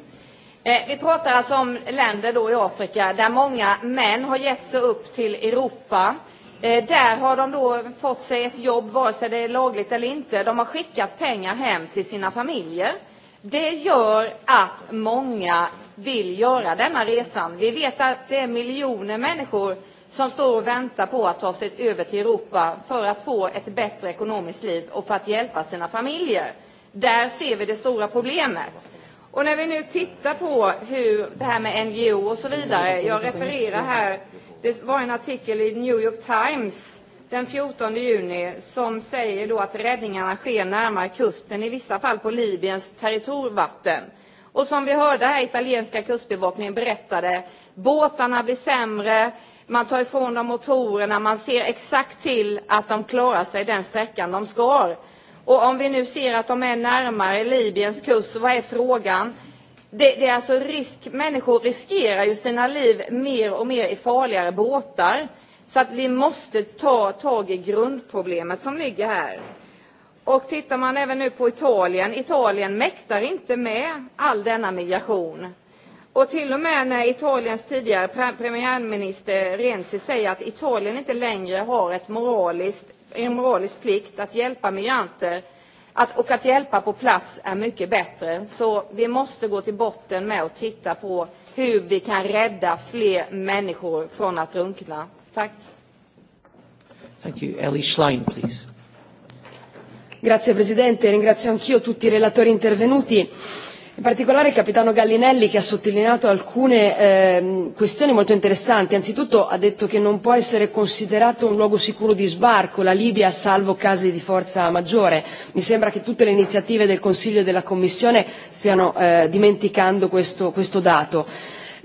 Eh, vi pratar alltså om länder då i Afrika där många män har gett sig upp till Europa. Eh, där har de då fått sig ett jobb, vare sig det är lagligt eller inte. De har skickat pengar hem till sina familjer. Det gör att många vill göra denna resan. Vi vet att det är miljoner människor som står och väntar på att ta sig över till Europa för att få ett bättre ekonomiskt liv och för att hjälpa sina familjer. Där ser vi det stora problemet. Och när vi nu tittar på hur det här med NGO och så vidare. Jag refererar här, det var en artikel i New York Times den 14 juni som säger då att räddningarna sker närmare kusten, i vissa fall på Libyens territorvatten. Och som vi hörde här, italienska kustbevakningen berättade, båtarna blir sämre, man tar ifrån dem motorerna, man ser exakt till att de klarar sig den sträckan de ska. Och om vi nu ser att de är närmare Libyens kust, så vad är frågan? Det, det är alltså risk, människor riskerar ju sina liv mer och mer i farligare båtar. Så att vi måste ta tag i grundproblemet som ligger här. Och tittar man även nu på Italien, Italien mäktar inte med all denna migration. Och till och med när Italiens tidigare premiärminister Renzi säger att Italien inte längre har ett moraliskt en moralisk plikt att hjälpa migranter att, och att hjälpa på plats är mycket bättre. Så vi måste gå till botten med att titta på hur vi kan rädda fler människor från att drunkna. Tack. Thank you. Ellie Schlein, please. Grazie Presidente, ringrazio anch'io tutti i relatori intervenuti In particolare il capitano Gallinelli che ha sottolineato alcune ehm, questioni molto interessanti. Anzitutto ha detto che non può essere considerato un luogo sicuro di sbarco la Libia salvo casi di forza maggiore. Mi sembra che tutte le iniziative del Consiglio e della Commissione stiano eh, dimenticando questo dato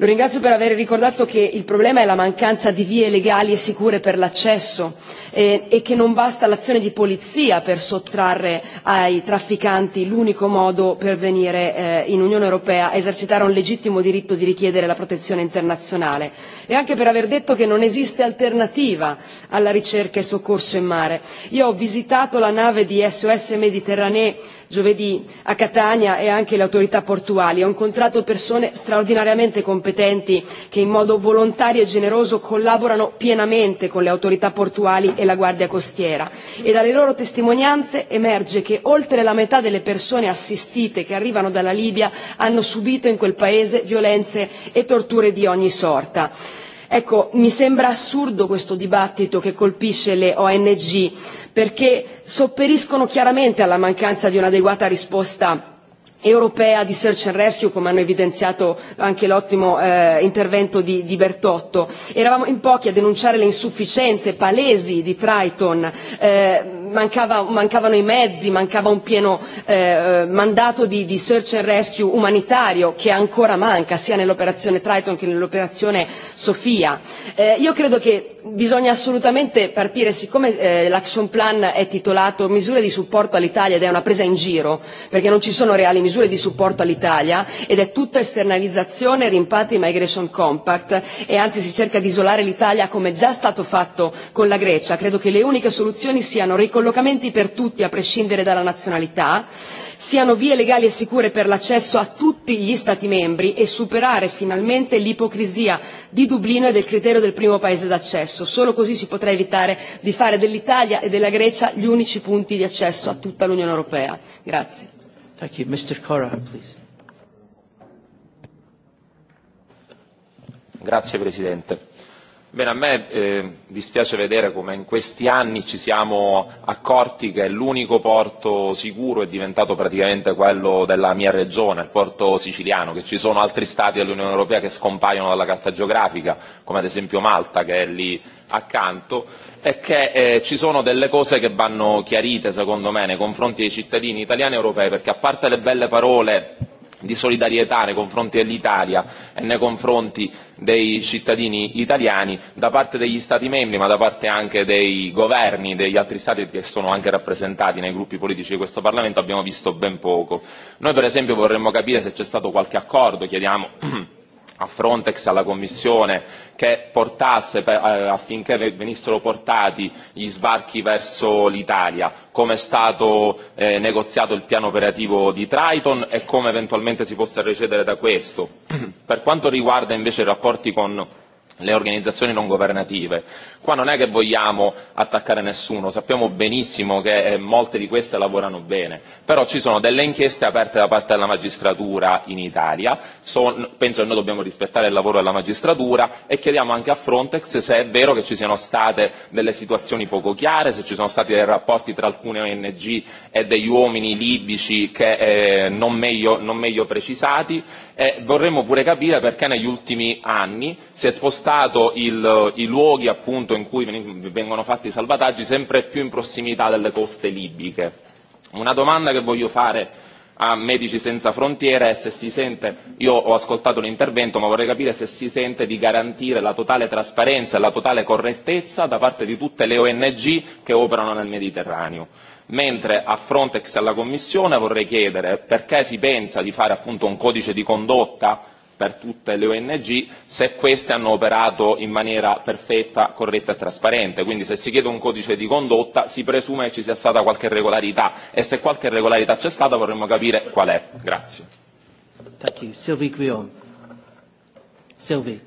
lo ringrazio per aver ricordato che il problema è la mancanza di vie legali e sicure per l'accesso eh, e che non basta l'azione di polizia per sottrarre ai trafficanti l'unico modo per venire eh, in unione europea a esercitare un legittimo diritto di richiedere la protezione internazionale e anche per aver detto che non esiste alternativa alla ricerca e soccorso in mare. io ho visitato la nave di sos mediterranee giovedì a Catania e anche le autorità portuali. Ho incontrato persone straordinariamente competenti che in modo volontario e generoso collaborano pienamente con le autorità portuali e la Guardia Costiera e dalle loro testimonianze emerge che oltre la metà delle persone assistite che arrivano dalla Libia hanno subito in quel paese violenze e torture di ogni sorta Ecco, mi sembra assurdo questo dibattito che colpisce le ONG perché sopperiscono chiaramente alla mancanza di un'adeguata risposta europea di search and rescue come hanno evidenziato anche l'ottimo eh, intervento di, di Bertotto. Eravamo in pochi a denunciare le insufficienze palesi di Triton. Eh, mancava, mancavano i mezzi, mancava un pieno eh, eh, mandato di, di search and rescue umanitario che ancora manca sia nell'operazione Triton che nell'operazione Sofia. Eh, io credo che bisogna assolutamente partire, siccome eh, l'action plan è titolato misure di supporto all'Italia ed è una presa in giro, perché non ci sono reali misure di supporto all'Italia ed è tutta esternalizzazione, rimpatri, migration compact e anzi si cerca di isolare l'Italia come già stato fatto con la Grecia. Credo che le uniche soluzioni siano ricostruire collocamenti per tutti a prescindere dalla nazionalità siano vie legali e sicure per l'accesso a tutti gli stati membri e superare finalmente l'ipocrisia di dublino e del criterio del primo paese d'accesso solo così si potrà evitare di fare dell'italia e della grecia gli unici punti di accesso a tutta l'unione europea. Grazie. Presidente Bene, a me eh, dispiace vedere come in questi anni ci siamo accorti che l'unico porto sicuro è diventato praticamente quello della mia regione, il porto siciliano, che ci sono altri stati dell'Unione Europea che scompaiono dalla carta geografica, come ad esempio Malta che è lì accanto, e che eh, ci sono delle cose che vanno chiarite secondo me nei confronti dei cittadini italiani e europei, perché a parte le belle parole di solidarietà nei confronti dell'Italia e nei confronti dei cittadini italiani da parte degli Stati membri ma da parte anche dei governi degli altri Stati che sono anche rappresentati nei gruppi politici di questo Parlamento abbiamo visto ben poco. Noi per esempio vorremmo capire se c'è stato qualche accordo, chiediamo a Frontex, alla Commissione, che portasse per, eh, affinché venissero portati gli sbarchi verso l'Italia, come è stato eh, negoziato il piano operativo di Triton e come eventualmente si possa recedere da questo. per quanto riguarda invece i rapporti con le organizzazioni non governative. Qua non è che vogliamo attaccare nessuno, sappiamo benissimo che eh, molte di queste lavorano bene, però ci sono delle inchieste aperte da parte della magistratura in Italia, so, penso che noi dobbiamo rispettare il lavoro della magistratura e chiediamo anche a Frontex se è vero che ci siano state delle situazioni poco chiare, se ci sono stati dei rapporti tra alcune ONG e degli uomini libici che eh, non, meglio, non meglio precisati e vorremmo pure capire perché negli ultimi anni si è spostato spostato il, eh, i luoghi appunto in cui vengono fatti i salvataggi sempre più in prossimità delle coste libiche. Una domanda che voglio fare a Medici Senza Frontiere è se si sente, io ho ascoltato l'intervento, ma vorrei capire se si sente di garantire la totale trasparenza e la totale correttezza da parte di tutte le ONG che operano nel Mediterraneo mentre a Frontex e alla Commissione vorrei chiedere perché si pensa di fare appunto un codice di condotta per tutte le ONG se queste hanno operato in maniera perfetta, corretta e trasparente. Quindi se si chiede un codice di condotta si presume che ci sia stata qualche regolarità e se qualche regolarità c'è stata vorremmo capire qual è. Grazie. Thank you. Sylvie Guillaume. Sylvie.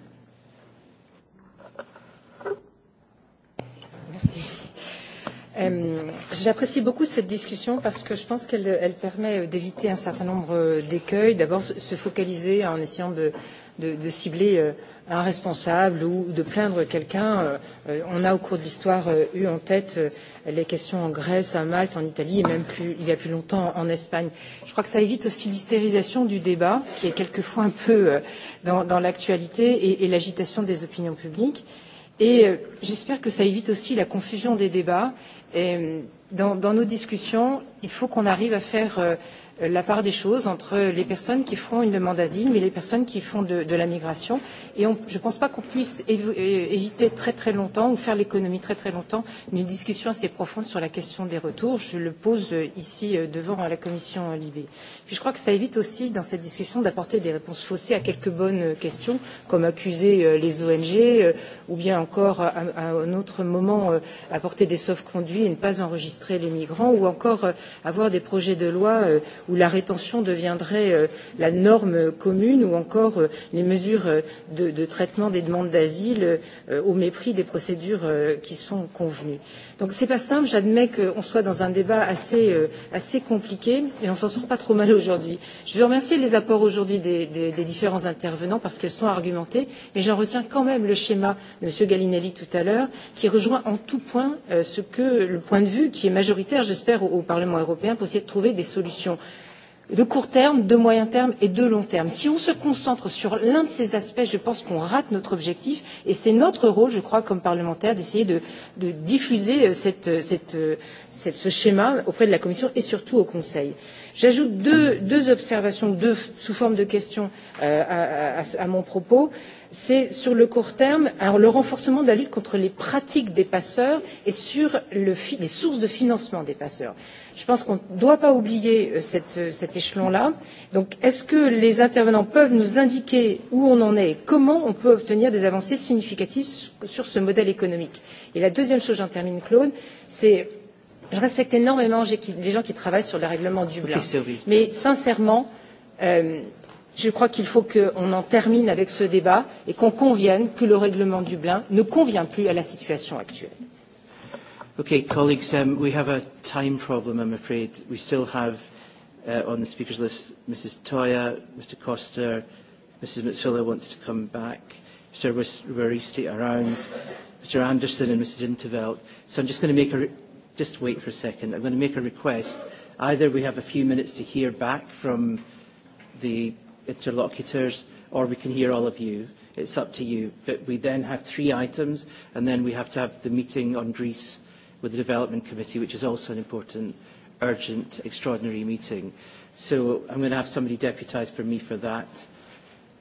Euh, j'apprécie beaucoup cette discussion parce que je pense qu'elle elle permet d'éviter un certain nombre d'écueils. D'abord, se focaliser en essayant de, de, de cibler euh, un responsable ou de plaindre quelqu'un. Euh, on a au cours de l'histoire eu en tête les questions en Grèce, à Malte, en Italie et même plus, il y a plus longtemps en Espagne. Je crois que ça évite aussi l'hystérisation du débat qui est quelquefois un peu dans, dans l'actualité et, et l'agitation des opinions publiques. Et euh, j'espère que ça évite aussi la confusion des débats. Et, euh, dans, dans nos discussions, il faut qu'on arrive à faire euh, Euh, la part des choses entre les personnes qui font une demande d'asile mais les personnes qui font de, de la migration. Et on, je ne pense pas qu'on puisse éviter très très longtemps ou faire l'économie très très longtemps une discussion assez profonde sur la question des retours. Je le pose euh, ici euh, devant la commission Libé. Puis je crois que ça évite aussi dans cette discussion d'apporter des réponses faussées à quelques bonnes questions comme accuser les ONG ou bien encore à, à un autre moment apporter des sauf-conduits et ne pas enregistrer les migrants ou encore avoir des projets de loi où la rétention deviendrait euh, la norme commune ou encore euh, les mesures euh, de, de traitement des demandes d'asile au mépris des procédures qui sont convenues. Donc c'est pas simple, j'admets qu'on soit dans un débat assez, assez compliqué et on s'en sort pas trop mal aujourd'hui. Je veux remercier les apports aujourd'hui des, des, des différents intervenants parce qu'elles sont argumentées, mais j'en retiens quand même le schéma de M. Gallinelli tout à l'heure qui rejoint en tout point ce que le point de vue qui est majoritaire, j'espère, au, au Parlement européen pour essayer de trouver des solutions de court terme, de moyen terme et de long terme. Si on se concentre sur l'un de ces aspects, je pense qu'on rate notre objectif et c'est notre rôle, je crois, comme parlementaire, d'essayer de, de diffuser euh, cette, euh, cette, euh, cette, ce schéma auprès de la Commission et surtout au Conseil. J'ajoute deux, deux observations, deux sous forme de questions euh, à, à, à mon propos. Euh, c'est sur le court terme alors, le renforcement de la lutte contre les pratiques des passeurs et sur le, les sources de financement des passeurs. Je pense qu'on ne doit pas oublier euh, cette, euh, cet échelon-là. Donc, est-ce que les intervenants peuvent nous indiquer où on en est et comment on peut obtenir des avancées significatives sur ce modèle économique Et la deuxième chose, j'en termine, Claude, c'est je respecte énormément les gens qui travaillent sur le règlement Dublin. Okay, mais sincèrement, euh, je crois qu'il faut qu'on en termine avec ce débat et qu'on convienne que le règlement de Dublin ne convient plus à la situation actuelle. Okay, colleagues, um, we have a time problem, I'm afraid. We still have uh, on the speakers list Mrs. Toya, Mr. Costa, Mrs. Mitsula wants to come back, Mr. Rariste Arounds, Mr. Anderson and Mrs. Intervelt. So I'm just going to make a, just wait for a second. I'm going to make a request. Either we have a few minutes to hear back from the interlocutors, or we can hear all of you. It's up to you. But we then have three items, and then we have to have the meeting on Greece with the Development Committee, which is also an important, urgent, extraordinary meeting. So I'm going to have somebody deputised for me for that,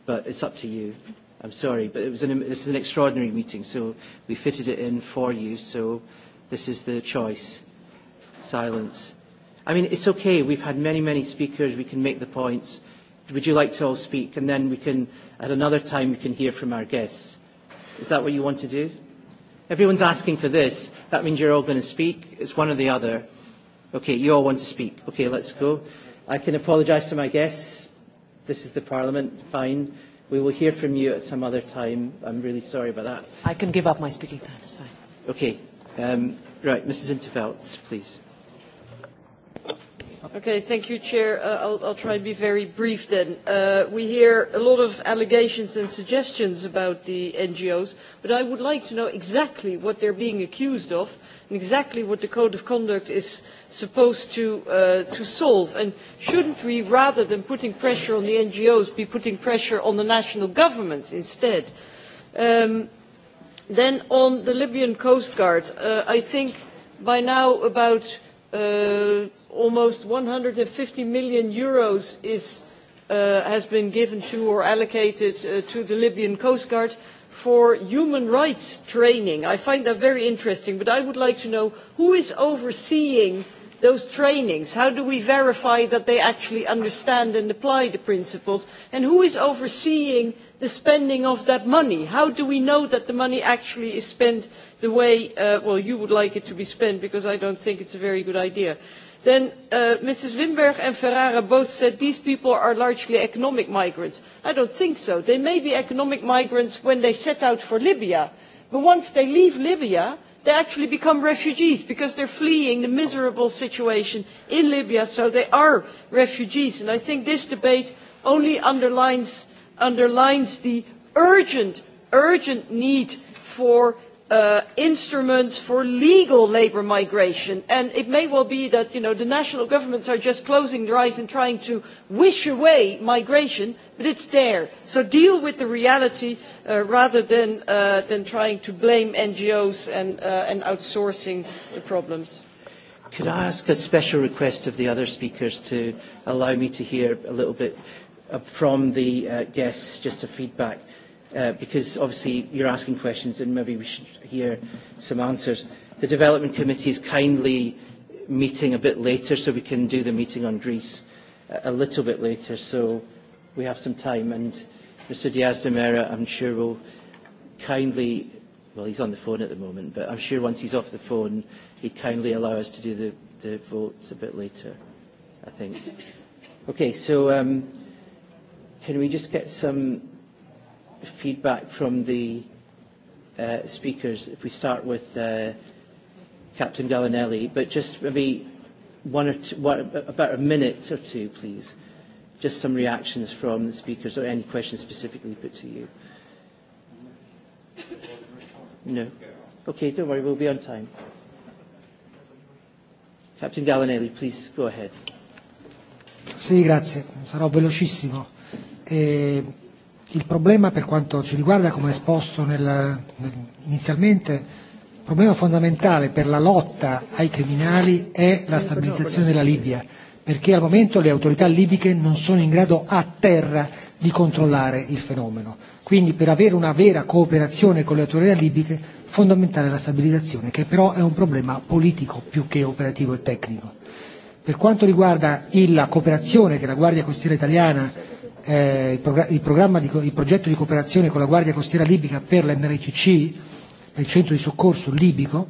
but it's up to you. I'm sorry, but it was an, this is an extraordinary meeting, so we fitted it in for you, so this is the choice. Silence. I mean, it's okay. We've had many, many speakers. We can make the points would you like to all speak? And then we can, at another time, we can hear from our guests. Is that what you want to do? Everyone's asking for this. That means you're all going to speak. It's one or the other. Okay, you all want to speak. Okay, let's go. I can apologise to my guests. This is the Parliament. Fine. We will hear from you at some other time. I'm really sorry about that. I can give up my speaking time. It's fine. Okay. Um, right, Mrs. Intervelt, please. Okay, thank you, Chair. Uh, I'll, I'll try to be very brief then. Uh, we hear a lot of allegations and suggestions about the NGOs, but I would like to know exactly what they're being accused of and exactly what the Code of Conduct is supposed to, uh, to solve. And shouldn't we, rather than putting pressure on the NGOs, be putting pressure on the national governments instead? Um, then on the Libyan Coast Guard, uh, I think by now about... Uh, almost 150 million euros is, uh, has been given to or allocated uh, to the Libyan Coast Guard for human rights training. I find that very interesting, but I would like to know who is overseeing those trainings? How do we verify that they actually understand and apply the principles? And who is overseeing the spending of that money? How do we know that the money actually is spent the way, uh, well, you would like it to be spent because I don't think it's a very good idea. Uh, Then uh, Mrs. Wimberg and Ferrara both said these people are largely economic migrants. I don't think so. They may be economic migrants when they set out for Libya, but once they leave Libya, they actually become refugees because they're fleeing the miserable situation in Libya, so they are refugees. And I think this debate only underlines, underlines the urgent, urgent need for Uh, instruments for legal labour migration and it may well be that you know, the national governments are just closing their eyes and trying to wish away migration but it is there so deal with the reality uh, rather than, uh, than trying to blame ngos and, uh, and outsourcing the problems. could i ask a special request of the other speakers to allow me to hear a little bit uh, from the guests just a feedback? uh, because obviously you're asking questions and maybe we should hear some answers. The Development Committee is kindly meeting a bit later so we can do the meeting on Greece a, a little bit later so we have some time and Mr Diaz de Mera I'm sure will kindly well he's on the phone at the moment but I'm sure once he's off the phone he'd kindly allow us to do the, the votes a bit later I think. Okay so um, can we just get some feedback from the uh, speakers. If we start with uh, Captain Gallinelli, but just maybe one or two, one, about a minute or two, please. Just some reactions from the speakers or any questions specifically put to you. No. Okay, don't worry, we'll be on time. Captain Gallinelli, please go ahead. Sì, grazie. Sarò velocissimo. Eh, il problema per quanto ci riguarda, come esposto nel, nel, inizialmente, il problema fondamentale per la lotta ai criminali è la stabilizzazione della Libia, perché al momento le autorità libiche non sono in grado a terra di controllare il fenomeno. Quindi per avere una vera cooperazione con le autorità libiche fondamentale è la stabilizzazione, che però è un problema politico più che operativo e tecnico. Per quanto riguarda la cooperazione che la Guardia Costiera italiana eh, il, prog- il, programma di co- il progetto di cooperazione con la Guardia Costiera Libica per l'MRCC, il centro di soccorso libico,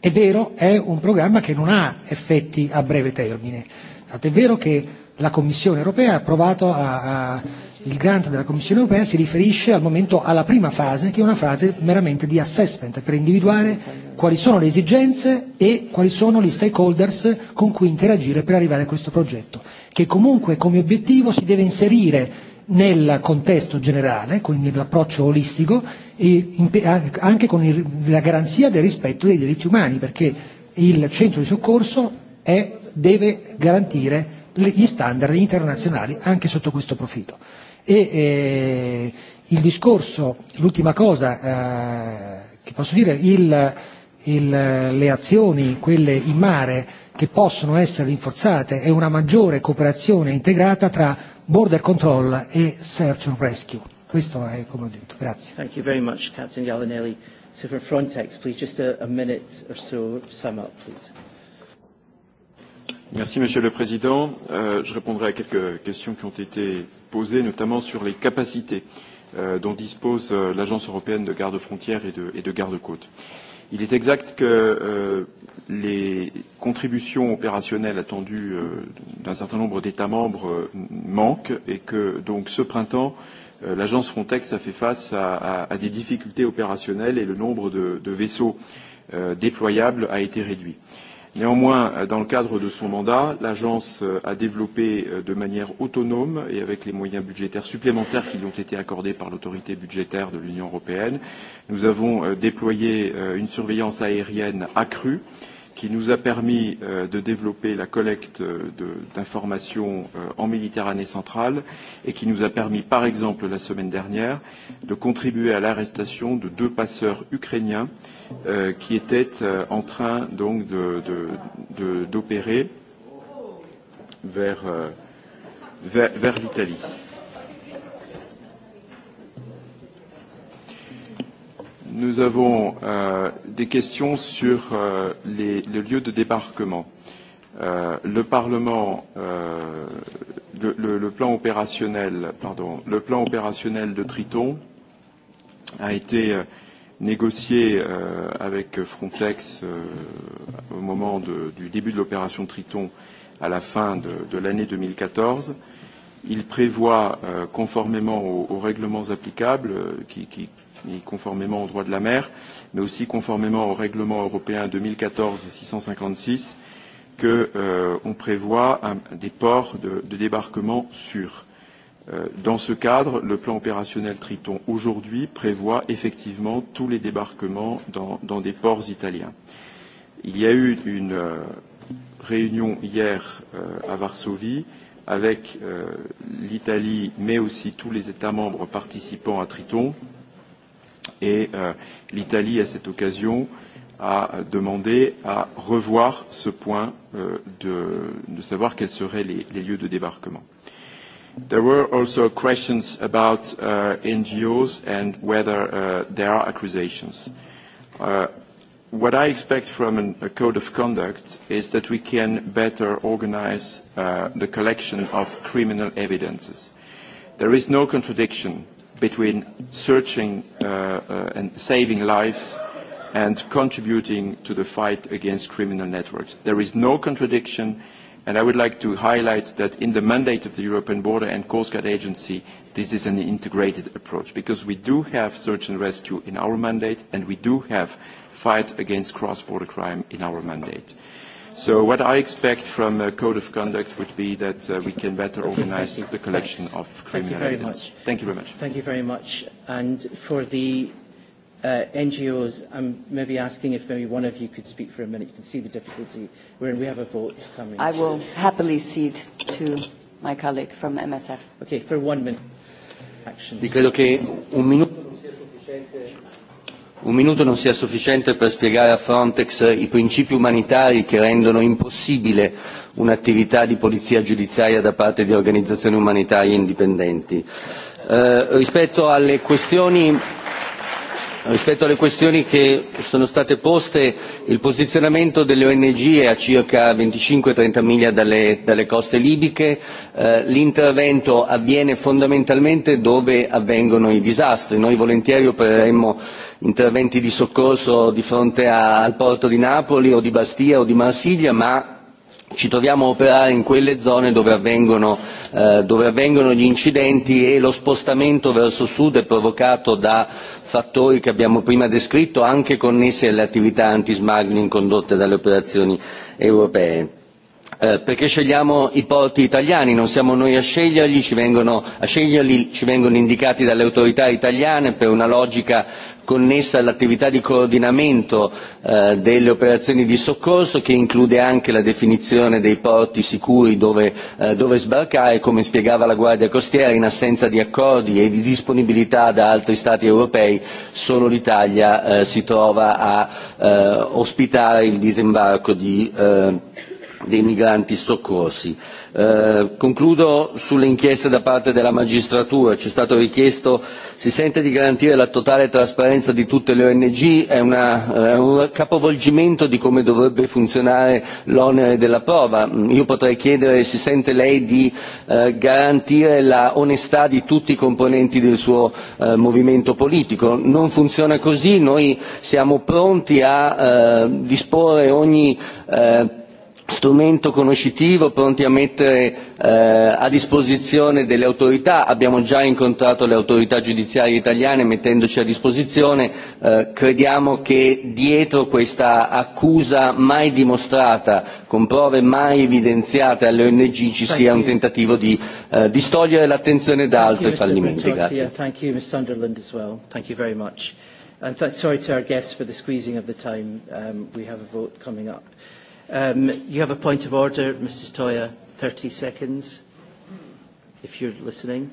è vero, è un programma che non ha effetti a breve termine. Tant'è vero che la Commissione europea ha provato a, a il grant della Commissione europea si riferisce al momento alla prima fase, che è una fase meramente di assessment, per individuare quali sono le esigenze e quali sono gli stakeholders con cui interagire per arrivare a questo progetto, che comunque come obiettivo si deve inserire nel contesto generale, quindi nell'approccio olistico, e anche con la garanzia del rispetto dei diritti umani, perché il centro di soccorso è, deve garantire gli standard internazionali anche sotto questo profilo. E eh, il discorso, l'ultima cosa eh, che posso dire, il, il, le azioni, quelle in mare, che possono essere rinforzate è una maggiore cooperazione integrata tra border control e search and rescue. Questo è come ho detto. Grazie. Thank you very much, Captain Gallinelli. So for Frontex, please, just a, a minute or so, sum up, please. Merci, Monsieur le Président. Euh, je répondrai à quelques questions qui ont été posées, notamment sur les capacités euh, dont dispose euh, l'Agence européenne de garde-frontières et de, et de garde-côtes. Il est exact que euh, les contributions opérationnelles attendues euh, d'un certain nombre d'États membres euh, manquent et que donc ce printemps, euh, l'agence Frontex a fait face à, à, à des difficultés opérationnelles et le nombre de, de vaisseaux euh, déployables a été réduit. Euh, Néanmoins, euh, dans le cadre de son mandat, l'agence euh, a développé euh, de manière autonome et avec les moyens budgétaires supplémentaires qui lui ont été accordés par l'autorité budgétaire de l'Union européenne, nous avons déployé une surveillance aérienne accrue qui nous a permis euh, de développer la collecte euh, d'informations euh, en Méditerranée centrale et qui nous a permis, par exemple, la semaine dernière, de contribuer à l'arrestation de deux passeurs ukrainiens euh, qui étaient euh, en train donc d'opérer de, de, de, vers, euh, vers, vers l'Italie. Nous avons euh, des questions sur euh, les, les lieux de débarquement. Euh, le Parlement, euh, le, le, le plan opérationnel, pardon, le plan opérationnel de Triton a été euh, négocié euh, avec Frontex euh, au moment de, du début de l'opération Triton à la fin de, de l'année 2014. Il prévoit, euh, conformément aux, aux règlements applicables, euh, qui, qui et conformément au droit de la mer, mais aussi conformément au règlement européen 2014-656, que euh, on prévoit un, des ports de, de débarquement sûrs. Euh, dans ce cadre, le plan opérationnel Triton aujourd'hui prévoit effectivement tous les débarquements dans, dans des ports italiens. Il y a eu une euh, réunion hier euh, à Varsovie avec euh, l'Italie, mais aussi tous les États membres participants à Triton, euh, Et euh, l'Italie, à cette occasion, a demandé à revoir ce point euh, de, de savoir quels seraient les, les lieux de débarquement. There were also questions about uh, NGOs and whether uh, there are accusations. Uh, what I expect from an, a code of conduct is that we can better organize uh, the collection of criminal evidences. There is no contradiction between searching uh, uh, and saving lives and contributing to the fight against criminal networks. There is no contradiction, and I would like to highlight that in the mandate of the European Border and Coast Guard Agency, this is an integrated approach, because we do have search and rescue in our mandate, and we do have fight against cross-border crime in our mandate. So what I expect from a code of conduct would be that uh, we can better organize the collection of criminal Thank you evidence. Much. Thank you very much. Thank you very much. And for the uh, NGOs, I'm maybe asking if maybe one of you could speak for a minute. You can see the difficulty. We're, we have a vote coming. I will happily cede to my colleague from MSF. Okay, for one minute. Action. Sì, credo che un minuto non sia sufficiente un minuto non sia sufficiente per spiegare a Frontex i principi umanitari che rendono impossibile un'attività di polizia giudiziaria da parte di organizzazioni umanitarie indipendenti. Eh, rispetto alle questioni rispetto alle questioni che sono state poste il posizionamento delle ong è a circa venticinque trenta miglia dalle, dalle coste libiche eh, l'intervento avviene fondamentalmente dove avvengono i disastri noi volentieri opereremmo interventi di soccorso di fronte a, al porto di napoli o di bastia o di marsiglia ma ci troviamo a operare in quelle zone dove avvengono, eh, dove avvengono gli incidenti e lo spostamento verso sud è provocato da fattori che abbiamo prima descritto, anche connessi alle attività anti-smuggling condotte dalle operazioni europee Eh, perché scegliamo i porti italiani, non siamo noi a sceglierli, ci vengono, a sceglierli ci vengono indicati dalle autorità italiane per una logica connessa all'attività di coordinamento eh, delle operazioni di soccorso che include anche la definizione dei porti sicuri dove, eh, dove sbarcare, come spiegava la Guardia Costiera, in assenza di accordi e di disponibilità da altri Stati europei solo l'Italia eh, si trova a eh, ospitare il disembarco di eh, dei migranti soccorsi. Eh, concludo sulle inchieste da parte della magistratura. Ci è stato richiesto, si sente di garantire la totale trasparenza di tutte le ONG, è, una, è un capovolgimento di come dovrebbe funzionare l'onere della prova. Io potrei chiedere, si sente lei di eh, garantire la onestà di tutti i componenti del suo eh, movimento politico. Non funziona così, noi siamo pronti a eh, disporre ogni eh, strumento conoscitivo pronti a mettere eh, a disposizione delle autorità. Abbiamo già incontrato le autorità giudiziarie italiane mettendoci a disposizione. Eh, crediamo che dietro questa accusa mai dimostrata, con prove mai evidenziate alle ONG, ci sia you. un tentativo di eh, distogliere l'attenzione da Thank altri you, fallimenti. Grazie. Um, we have a vote coming up. Um, you have a point of order, Mrs. Toya, 30 seconds, if you're listening.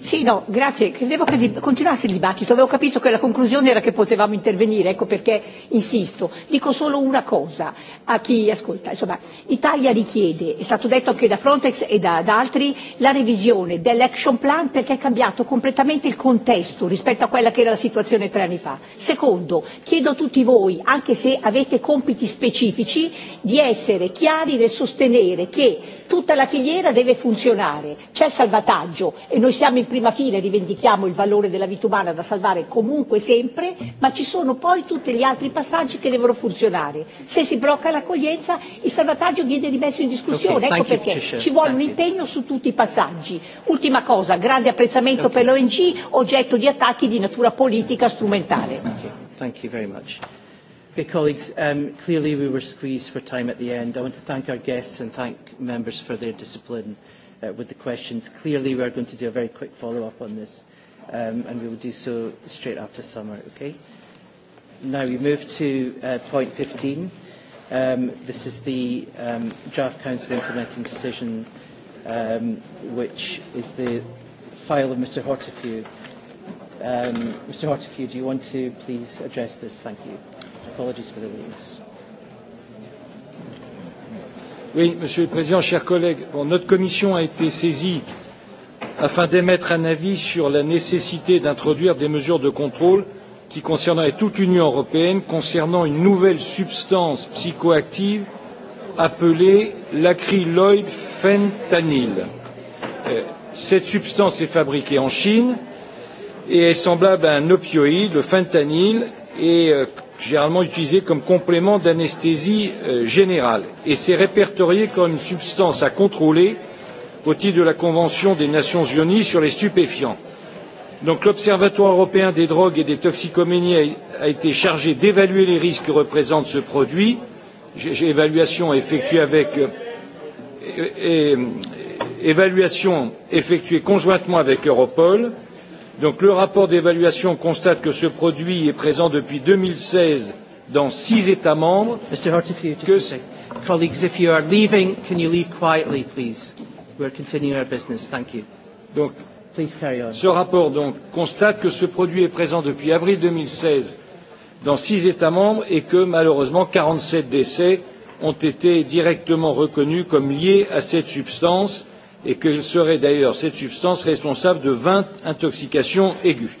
Sì, no, grazie. Credevo che continuasse il dibattito. Avevo capito che la conclusione era che potevamo intervenire, ecco perché insisto. Dico solo una cosa a chi ascolta. Insomma, Italia richiede, è stato detto anche da Frontex e da, da altri, la revisione dell'action plan perché è cambiato completamente il contesto rispetto a quella che era la situazione tre anni fa. Secondo, chiedo a tutti voi, anche se avete compiti specifici, di essere chiari nel sostenere che tutta la filiera deve funzionare. C'è salvataggio e noi siamo siamo in prima fila e rivendichiamo il valore della vita umana da salvare comunque sempre, ma ci sono poi tutti gli altri passaggi che devono funzionare. Se si blocca l'accoglienza il salvataggio viene rimesso in discussione, okay, ecco perché you, ci vuole thank un impegno you. su tutti i passaggi. Ultima cosa, grande apprezzamento okay. per l'ONG, oggetto di attacchi di natura politica strumentale. Thank you very much. Okay, colleagues, um, clearly we were squeezed for time at the end. I want to thank our guests and thank members for their discipline uh, with the questions. Clearly, we are going to do a very quick follow-up on this, um, and we will do so straight after summer, okay? Now we move to uh, point 15. Um, this is the um, draft council implementing decision, um, which is the file of Mr. Hortefeux. Um, Mr. Hortefeux, do you want to please address this? Thank you. Apologies for the weakness. Oui, Monsieur le Président, chers collègues, bon, notre commission a été saisie afin d'émettre un avis sur la nécessité d'introduire des mesures de contrôle qui concerneraient toute l'Union européenne concernant une nouvelle substance psychoactive appelée l'acryloïd fentanyl. Euh, cette substance est fabriquée en Chine et est semblable à un opioïde, le fentanyl, et euh, généralement utilisé comme complément d'anesthésie euh, générale et c'est répertorié comme une substance à contrôler au titre de la Convention des Nations Unies sur les stupéfiants. Donc l'Observatoire européen des drogues et des toxicoménies a, été chargé d'évaluer les risques que représente ce produit. Évaluation effectuée avec euh, é, évaluation effectuée conjointement avec Europol. Donc le rapport d'évaluation constate que ce produit est présent depuis 2016 dans six États membres. Mr. Hortefeux, just que... Colleagues, if you are leaving, can you leave quietly, please? We're continuing our business. Thank you. Donc, please carry on. Ce rapport donc constate que ce produit est présent depuis avril 2016 dans six États membres et que malheureusement 47 décès ont été directement reconnus comme liés à cette substance et que serait d'ailleurs cette substance responsable de vingt intoxications aiguës.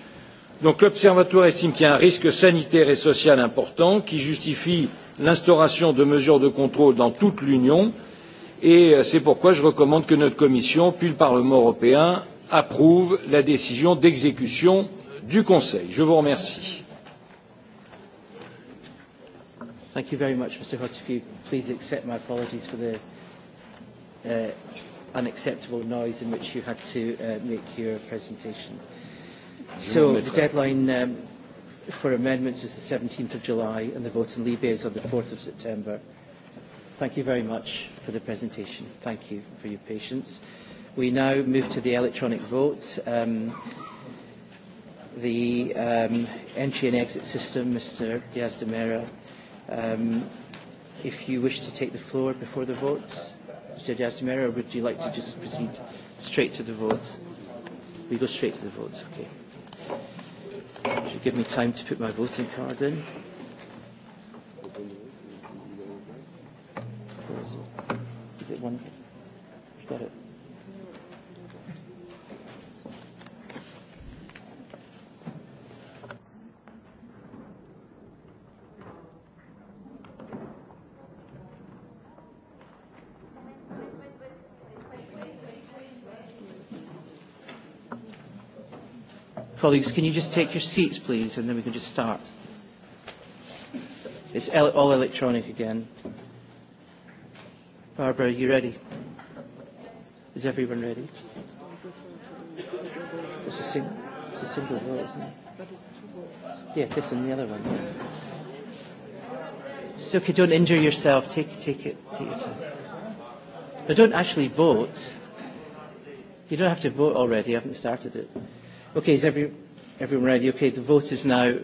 Donc l'Observatoire estime qu'il y a un risque sanitaire et social important qui justifie l'instauration de mesures de contrôle dans toute l'Union et euh, c'est pourquoi je recommande que notre Commission puis le Parlement européen approuvent la décision d'exécution du Conseil. Je vous remercie. Thank you very much, Mr. Hotchkiss. Please accept my apologies for the uh, unacceptable noise in which you had to uh, make your presentation. So the deadline um, for amendments is the 17th of July and the vote in Libya is on the 4th of September. Thank you very much for the presentation. Thank you for your patience. We now move to the electronic vote. Um, the um, entry and exit system, Mr Diaz de Mera, um, if you wish to take the floor before the vote. Mr. Diaz-Mera, or would you like to just proceed straight to the vote? We go straight to the vote, okay. you give me time to put my voting card in. Is it one? Got it. Colleagues, can you just take your seats, please, and then we can just start. It's all electronic again. Barbara, are you ready? Is everyone ready? It's a, sing it's a single vote, isn't it? But it's two votes. Yeah, this and the other one. So, okay, don't injure yourself. Take, take it. Take your time. But don't actually vote. You don't have to vote already. I haven't started it. Okay, is every, everyone ready? Okay, the vote is now.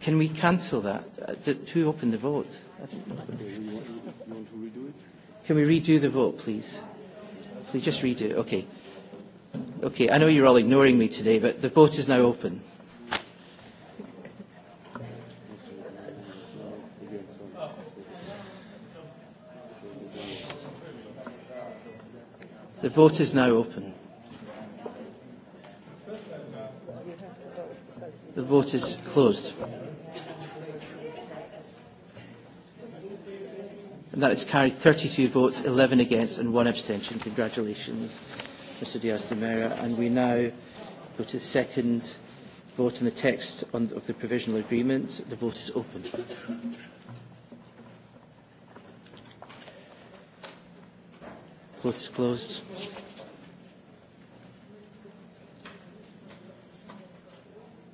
Can we cancel that? Uh, did, who opened the vote? I don't know. Can we redo the vote, please? Please just redo it. Okay. Okay, I know you're all ignoring me today, but the vote is now open. The vote is now open. The vote is closed. And that has carried 32 votes, 11 against and one abstention. Congratulations, Mr Diaz de Mera. And we now go to the second vote on the text on, of the provisional agreement. The vote is open. Vote is closed.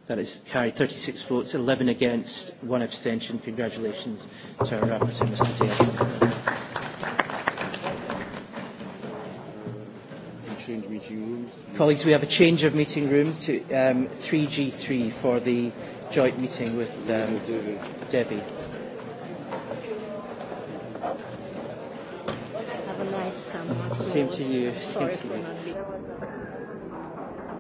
That is carried 36 votes, 11 against, one abstention. Congratulations to our rapporteur, Mr. Dale. Colleagues, we have a change of meeting room to um, 3G3 for the joint meeting with um, Debbie. Have a nice summer. Same to you. Same Sorry to you.